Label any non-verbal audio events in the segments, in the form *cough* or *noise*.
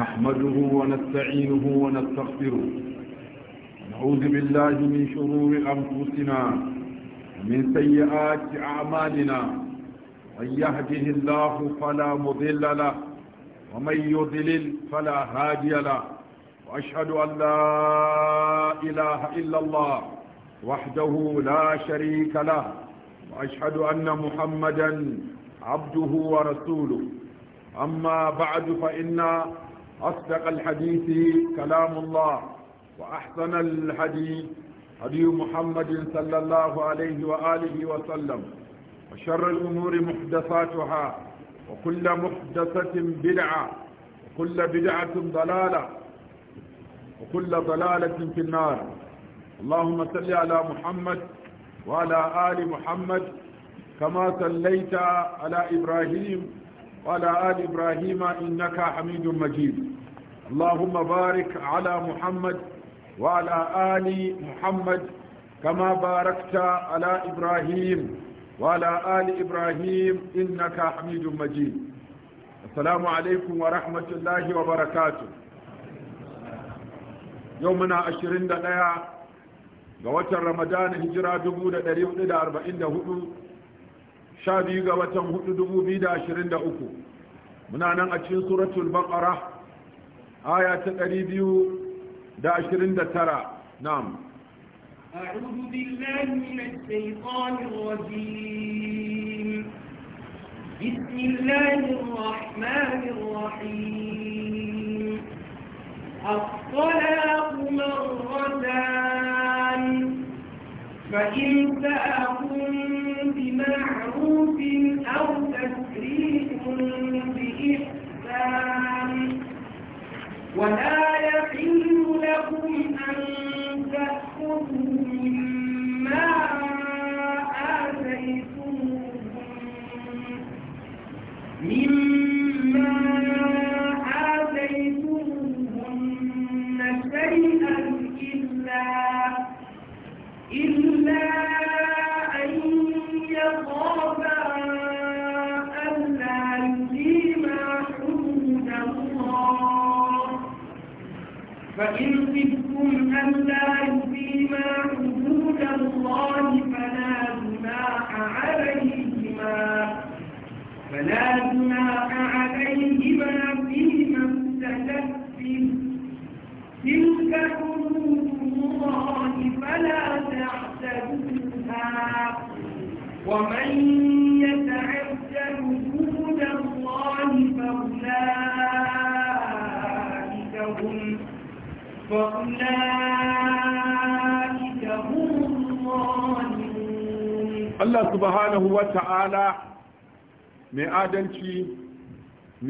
نحمده ونستعينه ونستغفره نعوذ بالله من شرور أنفسنا ومن سيئات أعمالنا من يهده الله فلا مضل له ومن يضلل فلا هادي له وأشهد أن لا إله إلا الله وحده لا شريك له وأشهد أن محمدا عبده ورسوله أما بعد فإن أصدق الحديث كلام الله وأحسن الحديث حديث محمد صلى الله عليه وآله وسلم وشر الأمور محدثاتها وكل محدثة بدعة وكل بدعة ضلالة وكل ضلالة في النار اللهم صل على محمد وعلى آل محمد كما صليت على إبراهيم وعلى آل إبراهيم إنك حميد مجيد اللهم بارك على محمد وعلى آل محمد كما باركت على إبراهيم وعلى آل إبراهيم إنك حميد مجيد السلام عليكم ورحمة الله وبركاته يومنا عشرين دقيقة ga watan ramadana hijira 1444 sha biyu ga watan hudu dubu biyu da ashirin da uku muna nan a cikin suratul baqara aya ta ɗari biyu da ashirin da tara na'am أعوذ بالله من الشيطان الرجيم بسم الله الرحمن الرحيم الطلاق مرتان فإن فإمساك بمعروف أو تسريح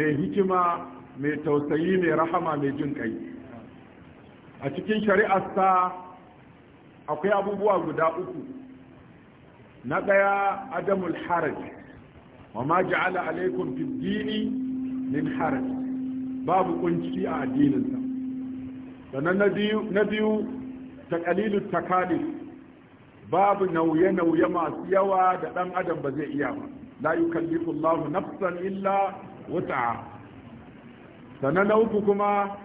mai hikima mai tausayi mai rahama mai jin kai a cikin shari'asta akwai abubuwa guda uku na ɗaya adamul haraj wa ma ja'ala alaikum fid dini min haraj babu kunci a addininsa sannan na biyu taqalilul takalif babu nauye-nauye masu yawa da ɗan adam ba zai iya ba la yukallifu Allahu nafsan illa wuta sannan na uku kuma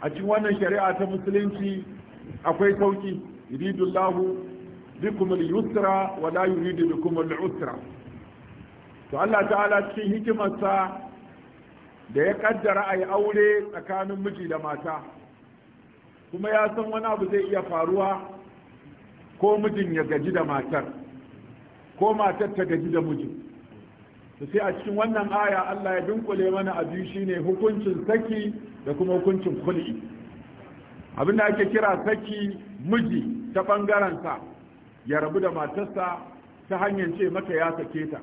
a cikin wannan shari'a ta musulunci akwai sauki yuridullahu bikum al-yusra wa la yuridu bikum al-usra to Allah ta'ala cikin hikimarsa da ya kaddara ai aure tsakanin miji da mata kuma ya san wani abu zai iya faruwa ko mijin ya gaji da matar ko matar ta gaji da mijin to sai a cikin wannan aya Allah ya dunkule mana a shine hukuncin saki da kuma hukuncin kul'i abin da ake kira saki miji ta bangaren ya rabu da matarsa ta hanyar ce mata ya sake ta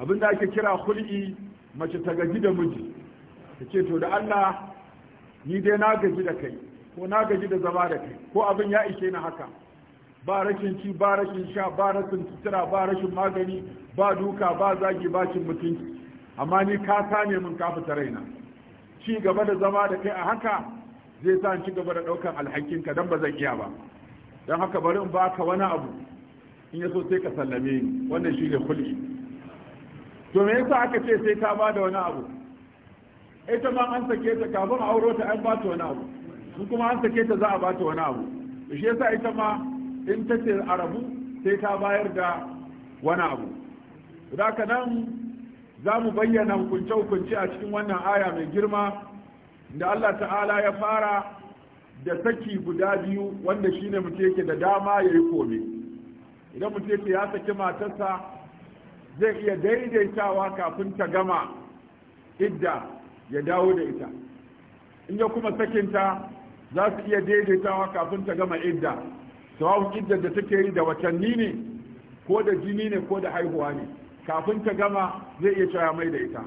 abin da ake kira kul'i mace ta gaji da miji ta ce to da Allah ni dai na gaji da kai ko na gaji da zama da kai ko abin ya ishe ni haka ba rashin ci ba rashin sha ba rashin sutura ba rashin magani ba duka ba zagi ba cin mutunci amma ni ka same min ka fita raina ci gaba da zama da kai a haka zai sa ci gaba da ɗaukar alhakinka don ba zan iya ba don haka bari in baka wani abu in yaso sai ka sallame ni wannan shi ne kulki to me yasa aka ce sai ta ba da wani abu ita ma an sake ta kafin auro ta an ba ta wani abu kuma an sake ta za a ba ta wani abu shi yasa ita ma in ta ce a rabu sai ta bayar da wani abu zaka nan za mu bayyana hukunce-hukunce a cikin wannan aya mai girma da Allah ta'ala ya fara da saki guda biyu wanda shi ne mutu yake da dama ya yi kome idan mutu yake ya saki matarsa zai iya daidaitawa kafin ta gama idda ya dawo da ita in ya kuma sakinta za su iya daidaitawa kafin ta gama idda sawa'un iddar da take yi da watanni ne ko da jini ne ko da haihuwa ne kafin ta gama zai iya cewa mai da ita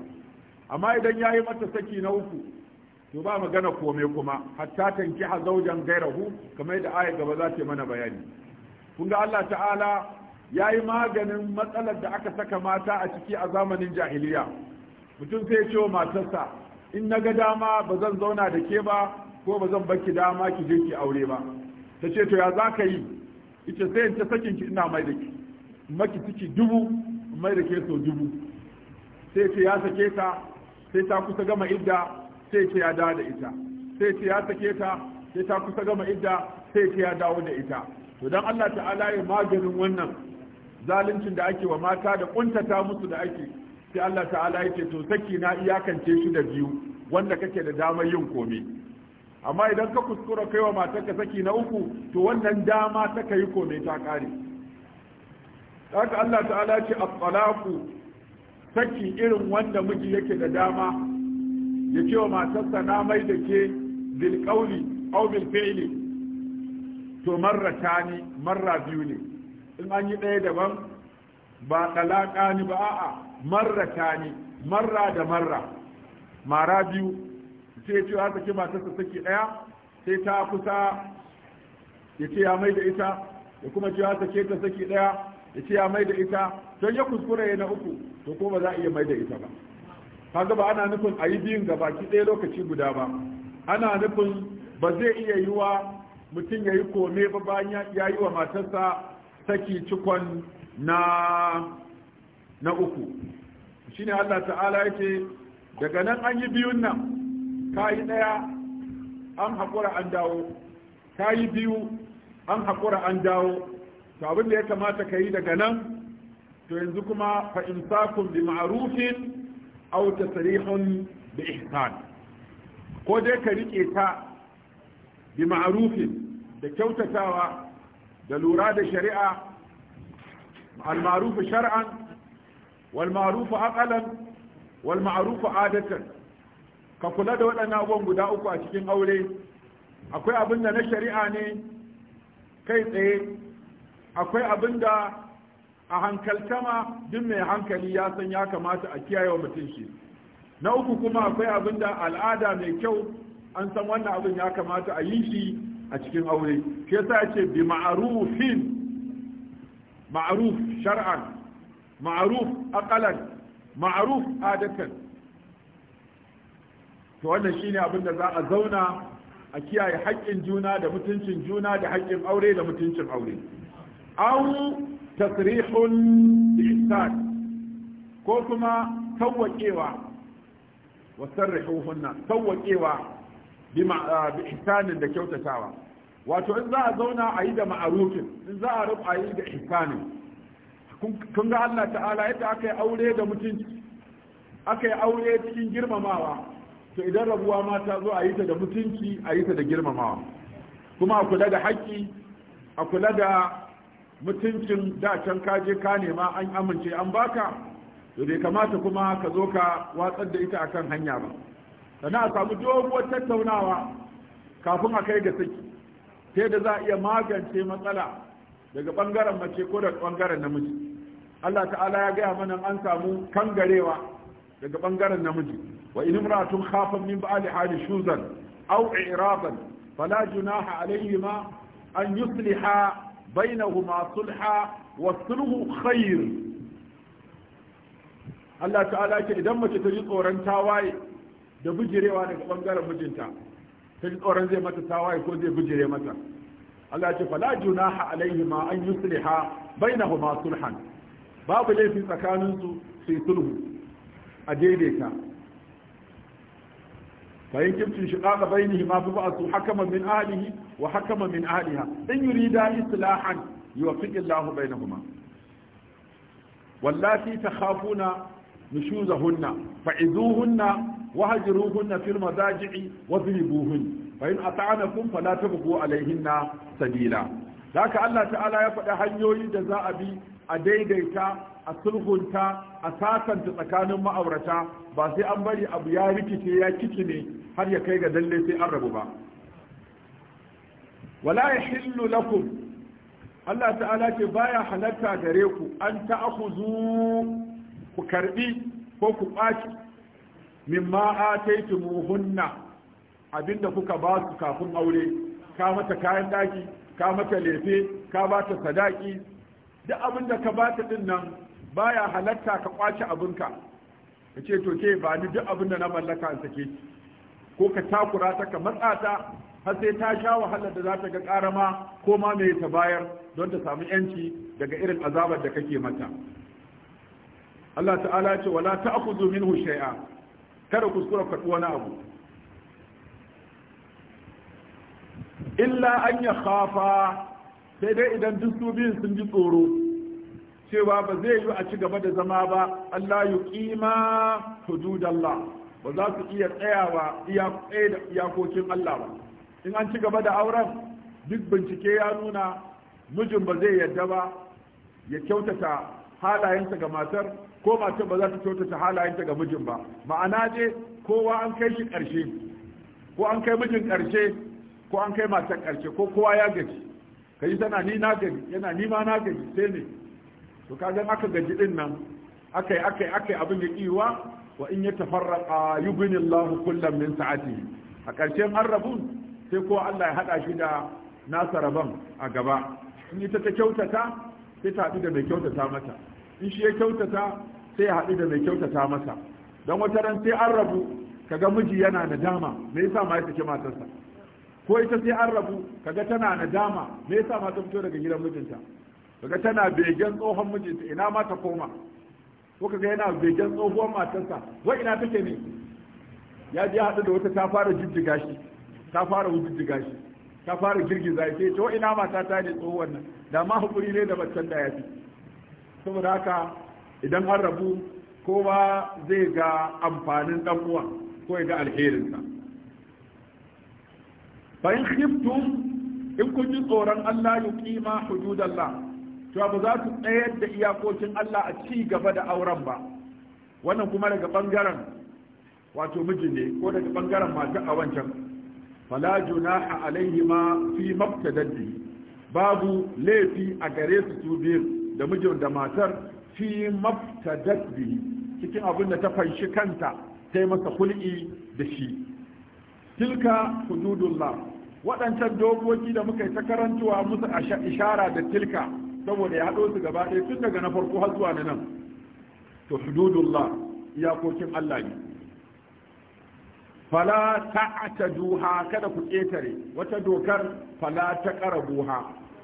amma idan ya yi mata saki na uku to ba magana kome kuma hatta tanki ha zaujan gairahu kamar da aya gaba za ta mana bayani kun ga Allah ta'ala ya yi maganin matsalar da aka saka mata a ciki a zamanin jahiliya mutum sai ce wa matarsa in na ga dama ba zan zauna da ke ba ko ba zan baki dama ki je ki aure ba ta ce to ya za ka yi ita sai ta sakin ki ina mai da ki maki ciki dubu mai da ke so dubu sai ce ya sake ta sai ta kusa gama idda sai ce ya dawo da ita sai ce ya sake ta sai ta kusa gama idda sai ce ya dawo da ita to dan Allah ta'ala ya maganin wannan zaluncin da ake wa mata da kuntata musu da ake sai Allah ta'ala yake to saki na iyakance shi da biyu wanda kake da damar yin komai amma idan ka kuskura kai wa matarka saki na uku to wannan dama ta kai komai ta kare haka Allah ta'ala ce at-talaqu saki irin wanda miji yake da dama ya ce wa matarsa na mai da ke bil qawli aw bil fi'li to marratani marra biyu ne in an yi ɗaya daban ba talaka ni ba a'a marratani marra da marra mara biyu sai ya ce ya ce matarsa saki ɗaya sai ta kusa ya ce ya mai da ita ya kuma ce ya sake ta saki ɗaya ya ce ya mai da ita don ya kuskure ya na uku to ko ba za a iya mai da ita ba kaga ba ana nufin a yi biyun ga baki ɗaya lokaci guda ba ana nufin ba zai iya yi wa mutum ya yi kome ba bayan ya yi wa matarsa saki cikon na na uku shine Allah ta'ala yake daga nan an yi biyun nan ka yi ɗaya an haƙura an dawo ka yi biyu an haƙura an dawo to abin da ya kamata ka yi daga nan to yanzu kuma fa imsakun bi maarufin aw tasrihun bi ihsan ko dai ka rike ta bi maarufin da kyautatawa da lura da shari'a al ma'ruf shar'an wal ma'ruf aqalan wal ma'ruf adatan ka kula da waɗannan abubuwan guda uku a cikin aure akwai abin da na shari'a ne kai tsaye akwai abin da a hankaltama duk mai hankali ya san ya kamata a kiyaye wa mutum shi na uku kuma akwai abin da al'ada mai kyau an san wannan abin ya kamata a yi shi a cikin aure shi yasa ce bi ma'arufin ma'aruf shar'an ma'aruf aqalan ma'aruf adatan to wannan shine abin da za a zauna a kiyaye haƙƙin juna da mutuncin juna da haƙƙin aure da mutuncin aure aw tasrihun ihsan ko kuma tawwaƙewa wa sarrihuhunna tawwaƙewa bi ihsan da kyautatawa wato in za a zauna a yi da ma'arufin in za a rufa a yi da ihsanin kun ga Allah ta'ala yadda aka yi aure da mutunci aka yi aure cikin girmamawa to idan rabuwa ma ta zo a yi ta da mutunci a yi ta da girmamawa kuma a kula da haƙƙi a kula da mutuncin da can ka je ka nema an amince an baka to bai kamata kuma ka zo ka watsar da ita akan hanya ba sannan a samu doguwar tattaunawa kafin a kai ga saki sai da za a iya magance matsala daga ɓangaren mace ko daga ɓangaren namiji Allah ta'ala ya gaya mana an samu kangarewa daga bangaren namiji wa in imra'atun khafat min ba'li hali shuzan aw i'raban fala junaha alayhima an yusliha bainahuma sulha wa sulhu khair Allah ta'ala ke idan mace ta ji tsoron tawaye da bijirewa daga bangaren mijinta ta ji tsoron zai mata tawaye ko zai bijire mata Allah ce fala junaha alayhima an yusliha bainahuma sulhan babu laifi tsakaninsu sai sulhu a daidaita fa yin kimcin shi ɗaɗa bai ne ma fufa su hakama min alihi wa hakama min aliha in yuri da islahan yi wa fi illahu bai kuma wallafi ta hafuna nishuza hunna fa izu hunna wa hajiru hunna fil mazaji'i wa zuribu hun fa yin ata'ana kun fa la tabu alaihinna sabila da haka allah ta'ala ya faɗi hanyoyin da za a bi a daidaita a sulhunta a sasanta tsakanin ma'aurata ba sai an bari abu ya rikice ya ne har ya kai ga lalle sai an rabu ba wala yahillu lakum Allah ta'ala ce baya halatta gare ku an ta'khudhu ku karbi ko ku kwaci mimma ataytumuhunna abinda kuka ba su kafin aure ka mata kayan daki ka mata lefe ka ba ta sadaki duk abinda ka ba ta din nan baya halatta ka kwace abinka ka ce to ke ba ni duk abin da na mallaka an sake ko ka takura ta ka har sai ta sha wahalar da za ta ga karama ko ma mai ta bayar don ta samu yanci daga irin azabar da kake mata Allah ta'ala ce wala ta'khudhu minhu shay'a kada kuskura ka na abu illa an ya khafa sai dai idan duk su biyun sun ji tsoro cewa ba zai yi a ci gaba da zama ba Allah ya kima hududallah ba za su iya tsayawa iyakokin Allah ba in an ci gaba da auren duk bincike ya nuna mijin ba zai yadda ba ya kyautata halayensa ga matar ko matar ba za ta kyautata halayenta ga mijin ba ma'ana ne kowa an kai shi ƙarshe ko an kai mijin ƙarshe ko an kai matar ƙarshe ko kowa ya gaji ka yi tana ni na gaji yana ni ma na gaji sai ne to kaga aka gaji din nan akai akai akai abin ya kiwa wa in yatafarraqa yughni Allah kullam min sa'ati a ƙarshen an rabun sai ko Allah ya hada shi da nasa rabon a gaba in ita ta kyautata sai ta haɗu da mai kyautata mata in shi ya kyautata sai ya haɗu da mai kyautata masa don wata ran sai an rabu kaga miji yana nadama me yasa ma ya saki matarsa ko ita sai an rabu kaga tana nadama me yasa ma ta fito daga gidan mijinta kaga tana begen tsohon mijinta ina ma ta koma ko kaga yana begen tsohon matarsa wa ina take ne ya je haɗu da wata ta fara jijjiga shi ta fara jijjiga shi ta fara girgiza shi wa ina mata ta ne tsohon nan da ma hakuri ne da baccan da ya fi saboda haka idan an rabu kowa zai ga amfanin dan uwa ko ya ga alherinsa fa in khiftum in kun ji tsoron Allah ya kima hududallah cewa ba za su tsayar da iyakokin Allah a ci gaba da auren ba wannan kuma daga bangaren wato miji ne ko daga bangaren mata a wancan fala junaha ma fi mabtadaddi babu laifi a gare su su biyu da mijin da matar fi mabtadaddi cikin abin da ta fanshi kanta ta masa kulki da shi tilka hududullah waɗancan dokoki da muka yi ta karantuwa musu ishara da tilka saboda ya haɗo su gaba ɗaya tun daga na farko har zuwa na nan to hududullah iyakokin Allah ne fala duha kada ku ƙetare wata dokar fala ta taqrabuha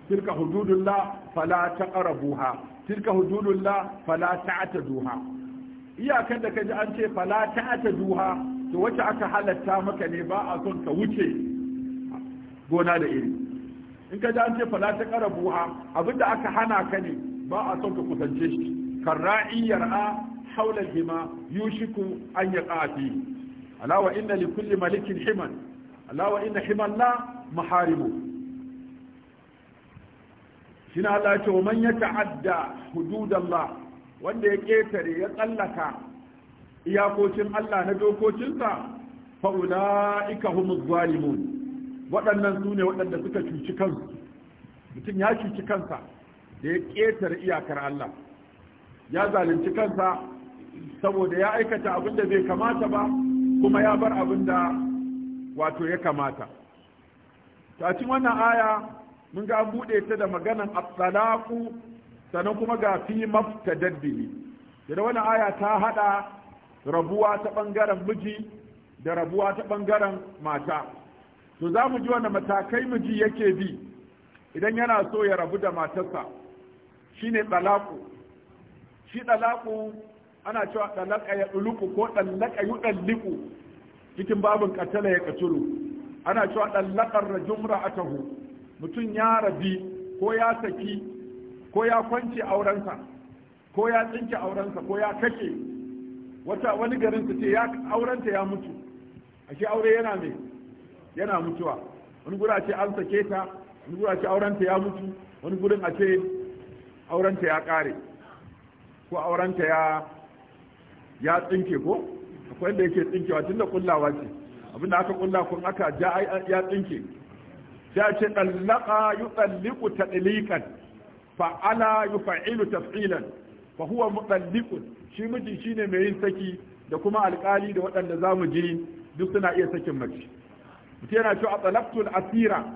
tilka hududullah fala ta taqrabuha tilka hududullah fala duha, iyakan da kaji an ce fala duha, to wacce aka halatta maka ne ba a son ka wuce gona da iri in ka ji an ce fala ta kara buha da aka hana ka ne ba a son ka kusance shi kan ra'i yar'a haula hima yushiku an yaqa fi alawa inna li kulli malikin himan alawa inna himan la maharimu shine Allah ya ce man ya ta'adda hududallah wanda ya ketare ya tsallaka iyakokin Allah na dokokinsa fa'ula'ika humus zalimun waɗannan su ne waɗanda suka cuci kansu mutum ya cuci kansa da ya ƙetare iyakar Allah ya zalunci kansa saboda ya aikata abin da bai kamata ba kuma ya bar abin da wato ya kamata cin wannan aya mun ga an buɗe ta da maganan absalaku sannan kuma ga fi mafta daddini da wannan aya ta haɗa rabuwa ta ɓangaren miji da rabuwa ta ɓangaren mata to za mu ji wanda matakai miji yake bi idan yana so ya rabu da matarsa shine talaku shi talaku ana cewa talaka ya duluku ko talaka yu daliku cikin babin katala ya katulu ana cewa jumra rajumra atahu mutum ya rabi ko ya saki ko ya kwanci aurensa ko ya tsinke aurensa ko ya kashe wata wani garin su ce ya aurenta ya mutu ashe aure yana mai yana mutuwa wani gura ce an sake ta wani gura ce aurenta ya mutu wani gurin a ce aurenta ya kare ko aurenta ya ya tsinke ko akwai yadda yake tsinkewa tunda kullawa ce abinda aka kulla kun aka ja ya tsinke Ta ce dallaka ta ɗalikan fa'ala yufa'ilu taf'ilan fa huwa mutalliqun shi miji shine mai yin saki da kuma alkali da waɗanda zamu ji duk suna iya sakin mace mutum yana cewa talabtul asira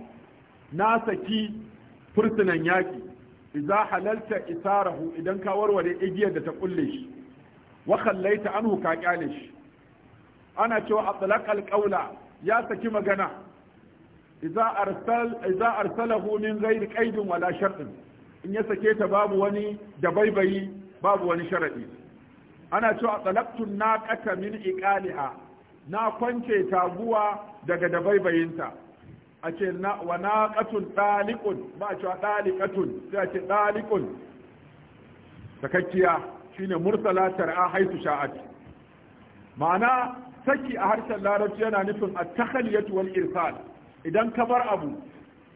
na saki fursunan yaƙi halarta halalta isarahu idan ka warware igiyar da ta kulle shi wa ta anhu ka kyale shi ana cewa atlaqal qawla ya saki magana idza arsal arsalahu min ghairi qaidin wala shartin in ya sake ta babu wani dabaibayi babu wani sharaɗi. ana cewa na naqata min iƙali'a. na kwance taguwa daga dabaibayinta a ce wa katun ɗalikun ba a cewa ɗalikatun sai a ce ɗalikun sakakkiya ne mursala tar'a haitu sha'ad ma'ana saki a harshen larabci yana nufin a takhaliyatu wal irsal idan ka bar abu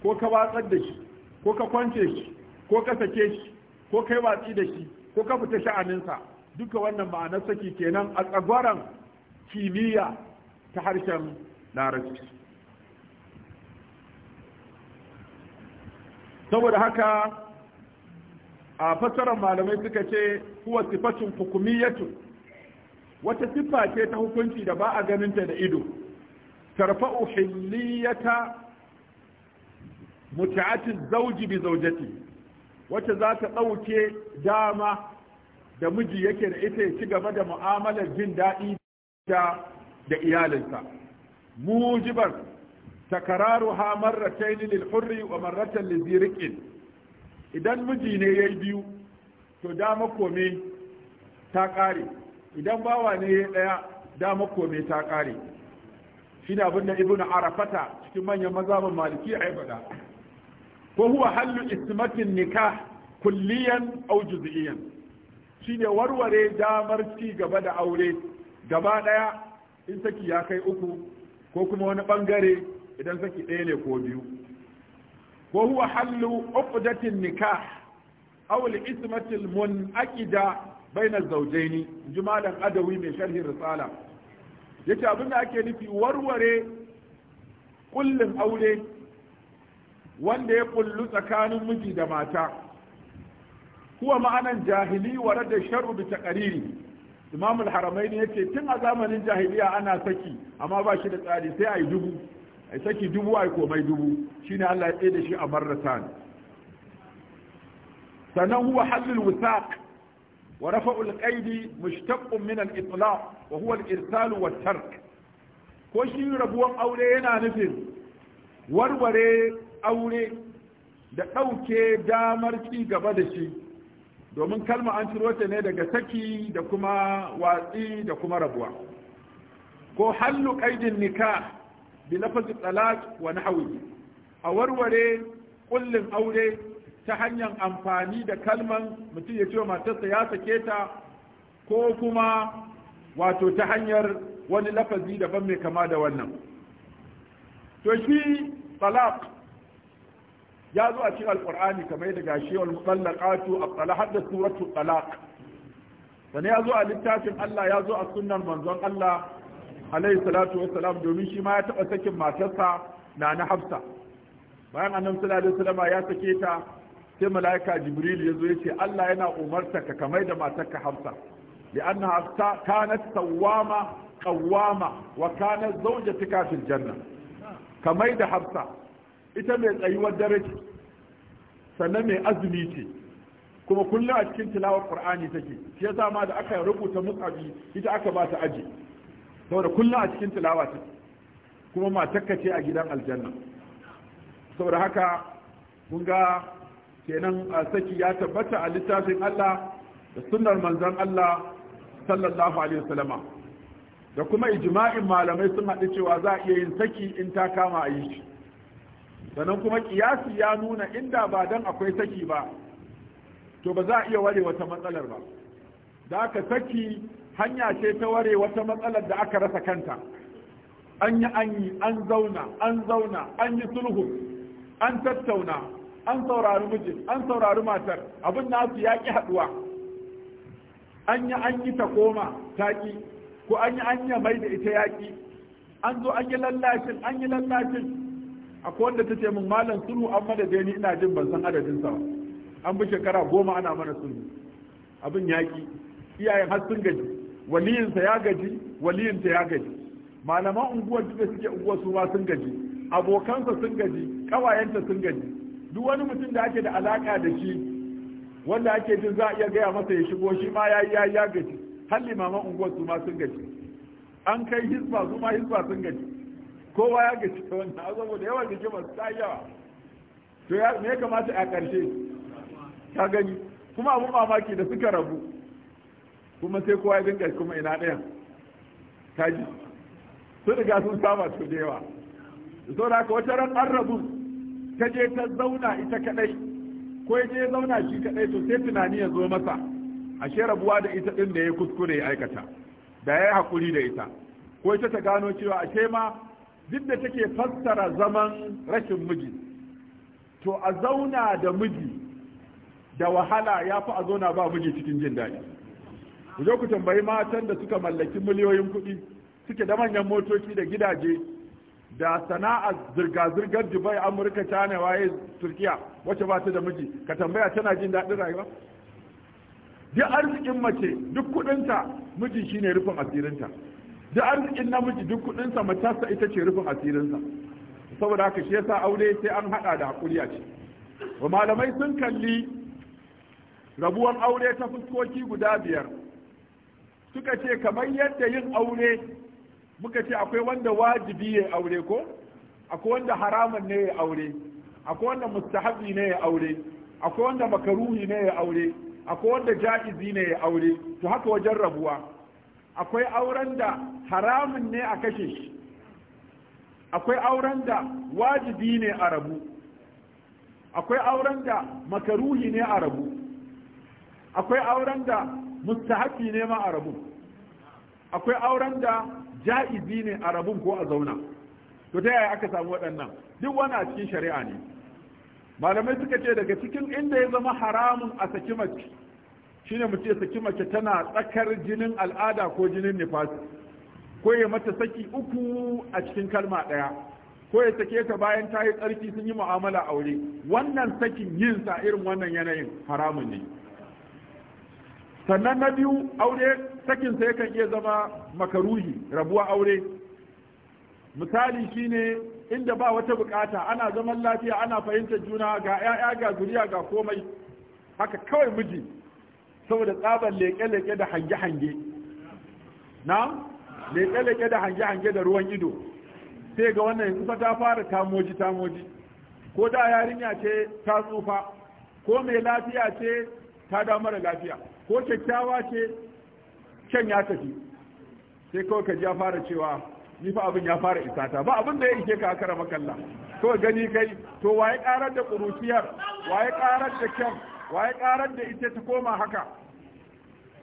ko ka watsar da shi ko ka kwance shi ko ka sake shi ko kai watsi da shi ko ka fita sha'aninsa duka wannan ma'anar saki kenan a tsagwaran kimiyya ta harshen larabci saboda haka a fassarar malamai suka ce kuwa sifatun hukumiyyatu wata siffa ce ta hukunci da ba a ganinta da ido tarfa'u hilliyata mutu'atin zauji bi zaujati wacce za ta ɗauke dama da miji yake da ita ya ci gaba da mu'amalar jin daɗi ta da iyalinsa mujibar ha marratayn lil hurri wa marratan liziriqin idan miji ne yayi biyu to dama kome ta kare idan bawa ne yayi daya dama kome ta kare shine abin da ibnu arafata cikin manyan mazhabin maliki ai bada ko huwa hallu ismatin nikah kulliyan aw juz'iyan ne warware damar ci gaba da aure gaba ɗaya in saki ya kai uku ko kuma wani ɓangare idan saki ɗaya ne ko biyu ko huwa hallu uqdatin nikah aw al-ismati al-munaqida bayna zawjayn jumalan adawi mai sharhi risala yace abinda ake nufi warware kullum aure wanda ya kullu tsakanin miji da mata kuwa ma'anan jahili wa rada shar'u bi taqariri imamul haramaini ya ce tun a zamanin jahiliya ana saki amma ba shi da tsari sai a dubu a saki dubu a komai dubu shine allah ya tsaye da shi a marratan sannan huwa halil wisaq wa rafa'ul qaidi mushtaqqun min al-itlaq wa huwa al-irsal wa tark ko shi rabuwan aure yana nufin warware aure da dauke damar ci gaba da shi domin kalma an ciro ta ne daga saki da kuma watsi da kuma rabuwa ko hallu qaidin nikah bi lafazi talaq wa nahwi a warware kullin aure ta hanyar amfani da kalman mutum ya ce matarsa ya sake ta ko kuma wato ta hanyar wani lafazi daban mai kama da wannan to shi talaq ya zo a cikin alkur'ani kamar da gashi wal mutallaqatu at-talaq da suratu talaq wani ya zo a littafin Allah ya zo a sunnan manzon Allah alaihi salatu wassalam domin shi ma ya taɓa sakin matarsa na na hafsa bayan annabi sallallahu alaihi wasallam ya sake ta sai malaika jibril ya zo ya ce Allah yana umarta ka kamar da matarka hafsa li'anna hafsa kanat sawama qawwama wa kanat zawjatuka fil janna kamar da hafsa ita mai tsayuwar dare sannan mai azumi ce kuma kullum a cikin tilawar qur'ani take shi yasa ma da aka rubuta musabi ita aka ba ta aji saboda kullum a cikin tilawa ta kuma matakka ce a gidan aljanna saboda haka kun ga kenan a saki ya tabbata a littafin Allah da sunnar manzon Allah sallallahu alaihi wasallama da kuma ijma'in malamai sun haɗu cewa za a iya yin saki in ta kama a yi shi sannan kuma kiyasi ya nuna inda ba dan akwai saki ba to ba za a iya ware wata matsalar ba da aka saki hanya ce ta ware wata matsalar da aka rasa kanta an yi an yi an zauna an zauna an yi sulhu an tattauna an saurari mijin an saurari matar abin nasu ya ƙi haɗuwa an yi an yi ta koma ta ƙi ko an yi an yi mai da ita yaƙi an zo an yi lallashin an yi lallashin akwai wanda ta ce min malam sulhu an madade ni ina jin ban san adadin sa an bi shekara goma ana mana sulhu abin yaki iyayen har sun gaji waliyinsa ya gaji waliyinta ya gaji malaman unguwar da suke unguwar su ma sun gaji abokansa sun gaji kawayenta sun gaji duk wani mutum da ake da alaka da shi wanda ake jin za a iya gaya masa ya shigo shi ma ya yi ya gaji har limaman unguwar su ma sun gaji an kai hisba su ma hisba sun gaji kowa ya gaji wannan wannan da yawan rigimar ta yawa to ya me kamata a ƙarshe ka gani kuma abun mamaki da suka rabu kuma sai kowa ya dinga kuma ina ɗaya ta ji sun riga sun saba su da yawa da haka wata ran an rabu ta je ta zauna ita kadai ko ya je zauna shi kadai to sai tunani ya zo masa ashe rabuwa da ita din da ya kuskure ya aikata da ya yi hakuri da ita ko ita ta gano cewa ashe ma duk da take fassara zaman rashin miji to a zauna da miji da wahala ya fi a zauna ba miji cikin jin daɗi ku je ku tambayi matan da suka mallaki miliyoyin kuɗi suke da manyan motoci da gidaje da sana'a zirga-zirgar dubai amurka china waye turkiya wacce ba ta da miji ka tambaya tana jin daɗin rayuwa duk arzikin mace duk kuɗinta miji shine rufin asirinta duk arzikin namiji duk kudinsa matarsa ita ce rufin asirinsa saboda haka shi yasa aure sai an hada da hakuri a ce wa malamai sun kalli rabuwan aure ta fuskoki guda biyar suka ce kamar yadda yin aure muka ce akwai wanda wajibi ya aure ko akwai wanda haramun ne ya aure akwai wanda mustahabi ne ya aure akwai wanda makaruhi ne ya aure akwai wanda ja'izi ne ya aure to haka wajen rabuwa akwai auren da haramun ne a kashe shi akwai auren da wajibi ne a rabu akwai auren da makaruhi ne a rabu akwai auren da mustahafi ne ma a rabu akwai auren da ja'izi ne a rabun ko a zauna to ta yaya aka samu waɗannan duk wani a cikin shari'a ne malamai suka ce daga cikin inda ya zama haramun a saki mace shine mu ce saki mace tana tsakar jinin al'ada ko jinin nifas ko ya mata saki uku a cikin kalma ɗaya ko ya sake ta bayan ta yi tsarki sun yi mu'amala aure wannan sakin yin sa irin wannan yanayin haramun ne sannan na biyu aure sakin sa yakan iya zama makaruhi rabuwa aure misali shine inda ba wata bukata ana zaman lafiya ana fahimtar juna ga 'ya'ya ga zuriya ga komai haka kawai miji saboda tsabar leke-leke da hange-hange na leke-leke da hange-hange da ruwan ido sai ga wannan yanzu ta fara tamoji-tamoji ko da yarinya ce ta tsufa ko mai lafiya ce ta da lafiya ko kyakkyawa ce kyan ya tafi sai kawai ka ya fara cewa ni fa abin ya fara isata ba abin da ya ike ka kara makalla to gani kai to waye karar da kuruciyar waye karar da kyan waye karar da ita ta koma haka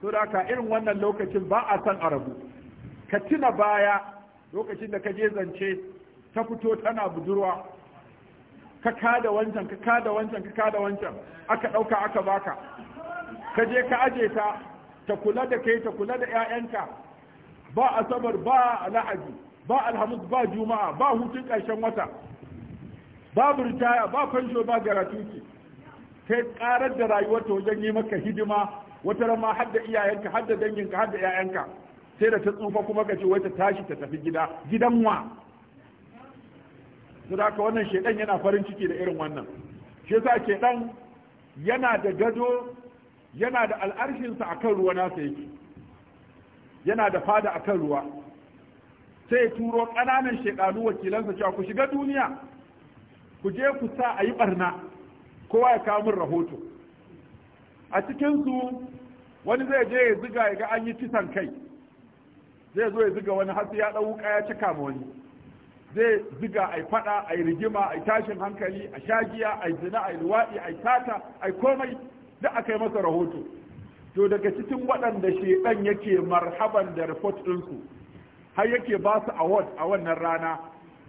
to da ka irin wannan lokacin ba a san a rabu ka tuna baya lokacin da ka je zance ta fito tana budurwa ka kada wancan ka kada wancan ka kada wancan aka ɗauka aka baka ka je ka aje ta ta kula da kai ta kula da 'ya'yanka ba asabar ba lahadi ba alhamis ba juma'a ba hutun ƙarshen wata babu ritaya ba fansho ba garatuki kai karar da rayuwar ta wajen yi maka hidima wata rama har hadda iyayenka hadda danginka hadda iyayenka sai da ta tsufa kuma ka ce wai ta tashi ta tafi gida gidan wa saboda wannan shedan yana farin ciki da irin wannan shi yasa shedan yana da gado yana da al'arshinsa akan ruwa nasa yake yana da fada akan ruwa sai ya turo kananan shekaru wakilansa cewa ku shiga duniya ku je ku sa a yi ɓarna kowa ya kawo min rahoto a cikinsu wani zai je ya ziga ya ga an yi kisan kai zai zo ya ziga wani hasu, ya ɗau wuka ya cika ma wani zai ziga a faɗa a yi rigima a yi tashin hankali a shagiya a yi zina a yi luwaɗi a yi sata, a yi komai da aka yi masa rahoto to daga cikin waɗanda shaidan yake marhaban da report ɗinsu har yake ba su award a wannan rana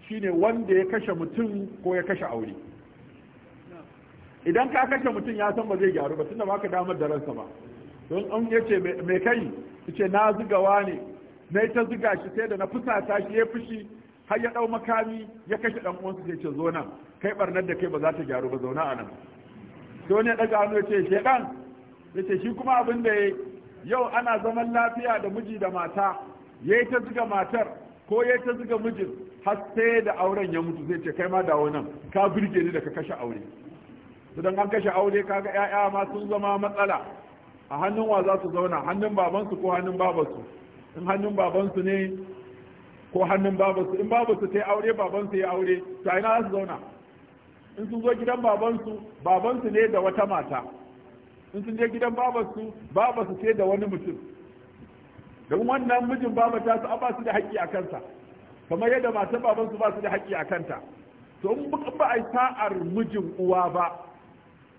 shine wanda ya kashe mutum ko ya kashe aure idan ka kashe mutum ya san ba zai gyaru ba tunda ba ka damar da ransa ba don an ya ce mai kai ce na zugawa ne na ta zuga shi sai da na fusa ta shi ya fushi har ya ɗau makami ya kashe ɗan uwansa sai ce zo nan kai barnar da kai ba za ta gyaru ba zauna anan. nan ya ɗaga hannu ya ce shekan ya ce shi kuma abin da yayi yau ana zaman lafiya da miji da mata yayi ta zuga matar ko ya ta zuga mijin har sai da auren ya mutu zai ce kai ma dawo nan ka birge ni da ka kashe aure idan an kashe aure kaga 'ya'ya ma sun zama matsala a hannun wa za su zauna hannun babansu ko hannun babansu in hannun babansu ne ko hannun babansu in babansu ta yi aure babansu ya aure to ina za su zauna in sun zo gidan babansu babansu ne da wata mata in sun je gidan babansu babansu ce da wani mutum don wannan mijin baba su ba su da haƙƙi a kansa kamar yadda matan babansu ba su da haƙƙi a kanta to in ba a yi sa'ar mijin uwa ba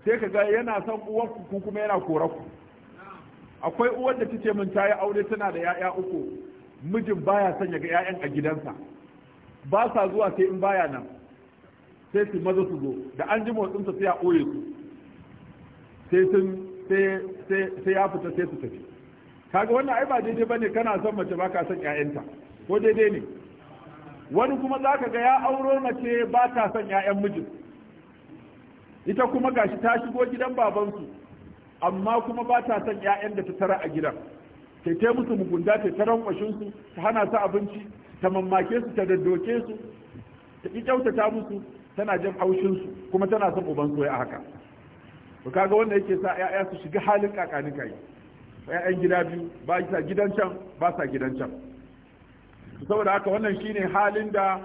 sai ka ga yana son uwarku ku kuma yana korarku akwai uwar da tace min ta yi aure tana da ya'ya uku mijin baya son ya ga ya'yan a gidansa ba sa zuwa sai in baya nan sai su maza su zo da an ji motsinsa sai ya oye su sai sun sai ya fita sai su tafi kaga wannan ai ba daidai bane kana son mace ba ka son ƴaƴanta ko daidai ne wani kuma za ka ga ya auro mace ba ta son ƴaƴan mijin ita kuma gashi ta shigo gidan babansu amma kuma ba ta son 'ya'yan da ta tara a gidan ta ta musu mugunta ta tara rankwashin su ta hana su abinci ta mammake su ta daddoke su ta ki kyautata musu tana jin haushin su kuma tana son uban ya haka to kaga wanda yake sa 'ya'ya su shiga halin kakanin kai 'ya'yan gida biyu ba sa gidan can ba sa gidan can saboda haka wannan shine halin da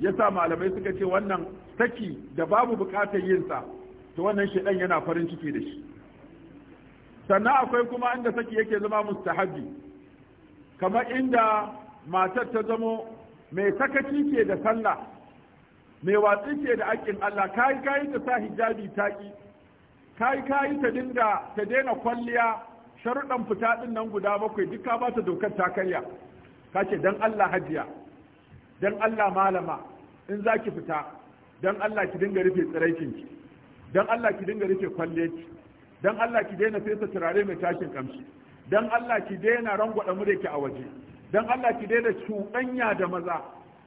ya sa malamai suka ce wannan saki da babu bukatar yinsa to wannan shedan yana farin ciki da shi sannan akwai kuma inda saki yake zama mustahabi kamar inda matar ta zamo mai sakaci ke da sallah mai watsi ke da aƙin Allah kai kai ta sa hijabi ta ki kai kayi ta dinga ta daina kwalliya sharuɗan fita ɗin nan guda bakwai duka ba ta dokar ta karya ka ce dan Allah hajiya dan Allah malama in za ki fita dan Allah ki dinga rufe tsiraikin ki dan Allah ki dinga rufe kwalliyar ki dan Allah ki daina fesa turare mai tashin kamshi dan Allah ki daina rangwada mureki a waje dan Allah ki daina cuɗanya da maza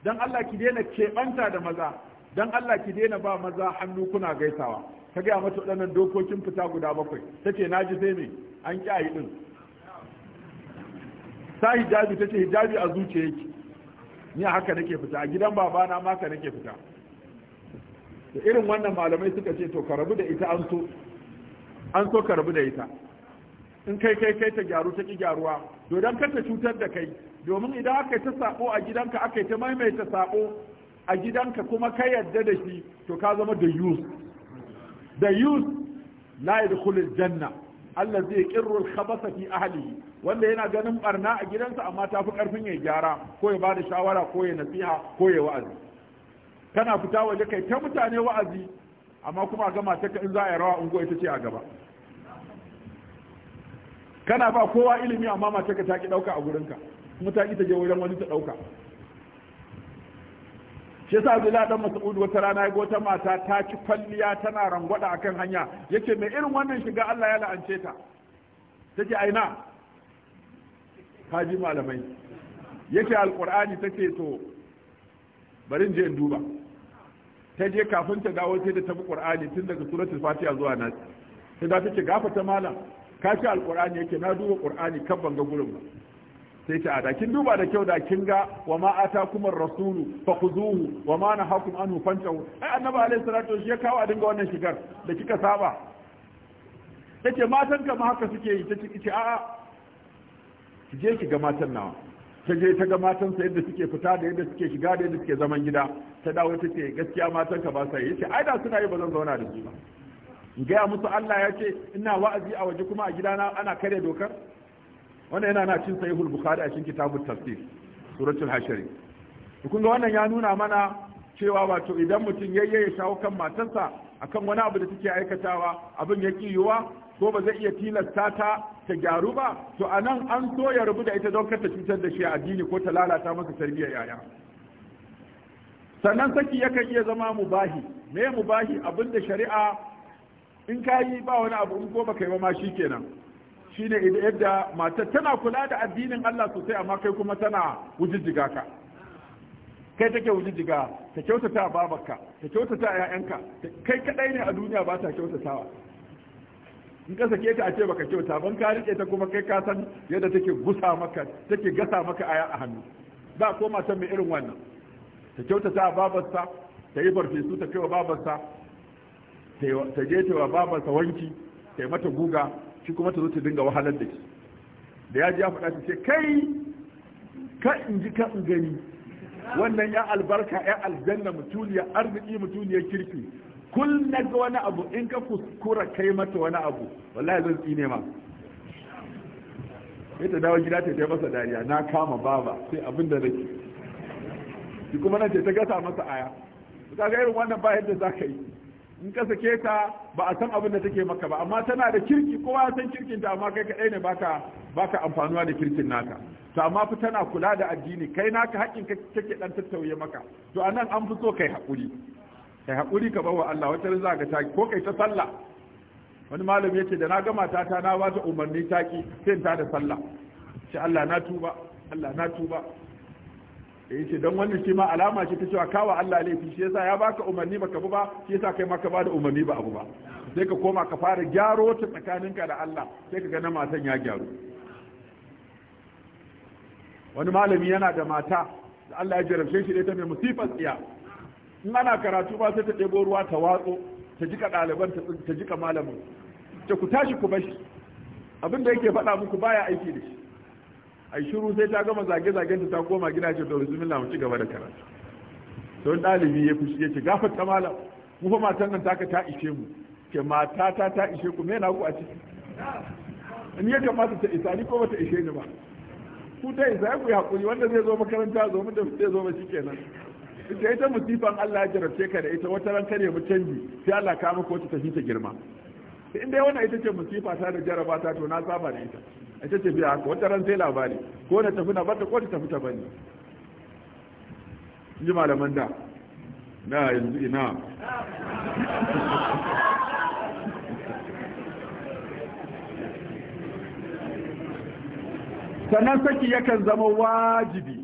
dan Allah ki daina kebanta da maza dan Allah ki daina ba maza hannu kuna gaisawa ka ga mata waɗannan dokokin fita guda bakwai ta ce sai me an ƙi a yi ɗin Ta hijabi ta ce hijabi a zuciya yake ni a haka nake fita a gidan babana ma ka nake fita da irin wannan malamai suka ce to ka rabu da ita an so an so ka rabu da ita in kai kai kai ta gyaru ta ki gyaruwa to kar ta cutar da kai domin idan aka yi ta sabo a gidanka aka yi ta maimaita sabo a gidanka kuma ka yarda da shi to ka zama da yus da yus la yadkhulul janna Allah zai al khabasa fi ahlihi wanda yana ganin barna a gidansa amma ta fi karfin ya gyara ko ya bada shawara ko ya nasiha ko ya wa'azi kana fita waje kai ta mutane wa'azi amma kuma a gama ta in za a yi rawa ungo ita ce a gaba kana ba kowa ilimi amma matarka ta ki dauka a gurinka kuma ta ta je wajen wani ta dauka shi yasa Abdullahi dan Mas'ud wata rana ya wata mata ta ci kwalliya tana rangwada akan hanya yake me irin wannan shiga Allah ya la'ance ta take aina kaji malamai yake alqur'ani take to bari je in duba ta je kafin ta dawo sai da tafi qur'ani tun daga suratul fatiha zuwa nas sai da tace gafa ta malam ka ci alqur'ani yake na duba qur'ani kan ban ga gurin ba sai ta ada kin duba da kyau da kin ga wa ma atakum ar-rasulu fakhuzuhu wa ma nahakum anhu fantahu ai annabi alaihi salatu shi ya kawo a dinga wannan shigar da kika saba tace matan ka ma haka suke yi tace a ki je ki ga matan nawa ta je ta ga matansa yadda suke fita da yadda suke shiga da yadda suke zaman gida ta dawo ta ce gaskiya matan ka ba sa yi ce ai da suna yi ba zan zauna da su ba in gaya musu Allah ya ce ina wa'azi a waje kuma a gidana ana kare dokar wannan yana na cin sahihul bukhari a cikin kitabut tafsir suratul hashari kun ga wannan ya nuna mana cewa wato idan mutum yayye ya shawo kan matarsa akan wani abu da take aikatawa abin ya yiwuwa ko ba zai iya tilasta ta ta gyaru ba to a nan an so ya rabu da ita don kar cutar da shi a addini ko ta lalata masa tarbiyyar yaya sannan saki yakan iya zama mubahi me mubahi da shari'a in ka yi ba wani abu in ko baka yi ba ma shikenan shine yadda mata tana kula da addinin Allah sosai amma kai kuma tana wujijjiga ka kai take wujijjiga ta kyautata babarka ta kyautata 'ya'yanka kai kadai ne a duniya ba ta kyautatawa in ka sake ta a ce baka kyauta ban ka rike ta kuma kai ka san yadda take gusa maka take gasa maka aya a hannu ba ko matan mai irin wannan ta kyauta ta babarsa ta yi barfesu ta kai wa babarsa ta je ta wa babarsa wanki ta yi mata guga shi kuma ta zo ta dinga wahalar da shi da ya ji ya faɗa ta ce kai ka in ji ka in gani wannan ya albarka ya aljanna mutuniyar arziki mutuniyar kirki kul na ga wani abu in ka kuskura kai mata wani abu wallahi zan tsine ma sai ta dawo gida ta yi masa dariya na kama baba sai abin da nake shi kuma nan ce ta gasa masa aya ka ga irin wannan ba yadda za ka yi in ka sake ta ba a san abin da take maka ba amma tana da kirki kowa ya san kirkin ta amma kai kaɗai ne baka baka amfanuwa da kirkin naka to amma fa tana kula da addini kai naka haƙƙin ka take dan tattauye maka to anan an fi so kai haƙuri kai haƙuri ka bawa Allah wata za ka taki ko kai ta sallah wani malam yake da na gama ta ta na bata umarni taki sai ta da sallah shi Allah na tuba Allah na tuba da yace dan wannan shi ma alama ce ta cewa kawa Allah laifi shi yasa ya baka umarni baka bu ba shi yasa kai ma ka bada umarni ba abu ba sai ka koma ka fara gyaro ta tsakaninka da Allah sai ka ga na matan ya gyaru wani malami yana da mata da Allah ya jarabce shi da ta mai musifar tsiya in ana karatu ba sai ta ɗebo ruwa ta watso ta jika ɗaliban ta jika malamin ta ku tashi ku bashi abin da yake faɗa muku baya aiki da shi ai shiru sai ta gama zage-zagen ta koma gida ce don zumin mu ci gaba da karatu Don ɗalibi ya fushi ya ce gafar ta malam mu fa matan nan taka ta ishe mu Ke mata ta ta ishe ku me na ku a ciki in ya kamata ta isa ni ko bata ishe ni ba ku ta isa ku yi haƙuri wanda zai zo makaranta zo mu da zai zo ba shi kenan. ita ita musifan Allah ya jarabce ka da ita wata ran kare mu canji sai Allah ka maka wata tafi ta girma in dai wannan ita ce musifa ta da jaraba ta to na saba da ita ita ce biya haka wata ran sai labari ko na tafi na bata ko ta tafi ta bani ji malaman da na yanzu ina *laughs* sannan saki yakan zama wajibi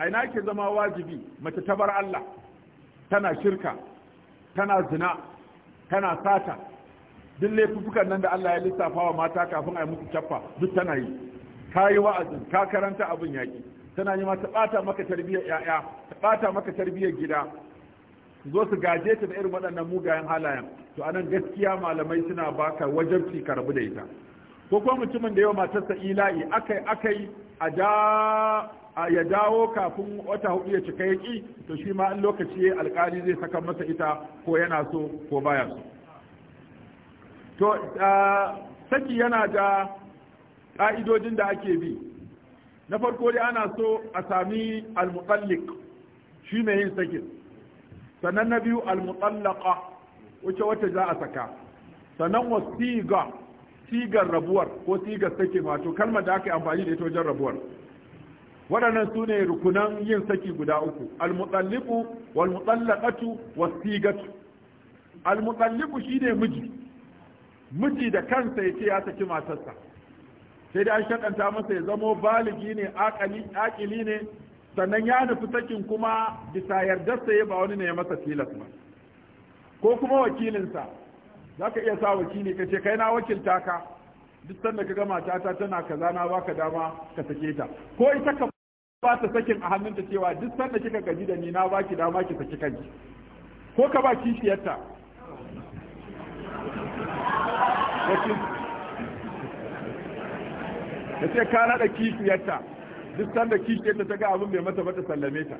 a ina ke zama wajibi mace ta bar Allah tana shirka tana zina tana sata duk laifukan nan da Allah ya lissafa wa mata kafin a yi musu cappa duk tana yi ka yi wa'azin ka karanta abin yaki tana yi ma bata maka tarbiyyar yaya ta bata maka tarbiyyar gida zo su gaje ta da irin waɗannan mugayen halayen to anan gaskiya malamai suna baka wajen ka rabu da ita ko kuma mutumin da yawa matarsa ila'i akai akai a da ya dawo kafin wata hudu ya cika yaki to shi ma in lokaci ya alkali zai saka masa ita ko yana so ko baya so to saki yana da ƙa'idojin da ake bi na farko dai ana so a sami almutallik shi mai yin sakin sannan na biyu almutallaka wuce wacce za a saka sannan wasiga sigar rabuwar ko sigar sakin wato kalmar da aka yi amfani da ita wajen rabuwar waɗannan su ne rukunan yin saki guda uku almutsalliku walmutsallakatu wasigatu almutsalliku shi ne miji miji da kansa ya ce ya saki matarsa sai da an shaɗanta masa ya zamo baligi ne akili ne sannan ya nufi sakin kuma bisa yardarsa ya ba wani ne ya masa tilas ba ko kuma wakilinsa za ka iya sa wakili ka ce kai na wakilta ka duk sanda ka gama ta tana kaza na baka dama ka sake ta ko ita ka ba ta sakin a hannunta cewa duk sanda kika gaji da ni na baki dama ki saki kanki ko ka ba kishiyarta ya ce ka naɗa kishiyarta duk sanda kishiyarta ta ga abin bai mata bata sallame ta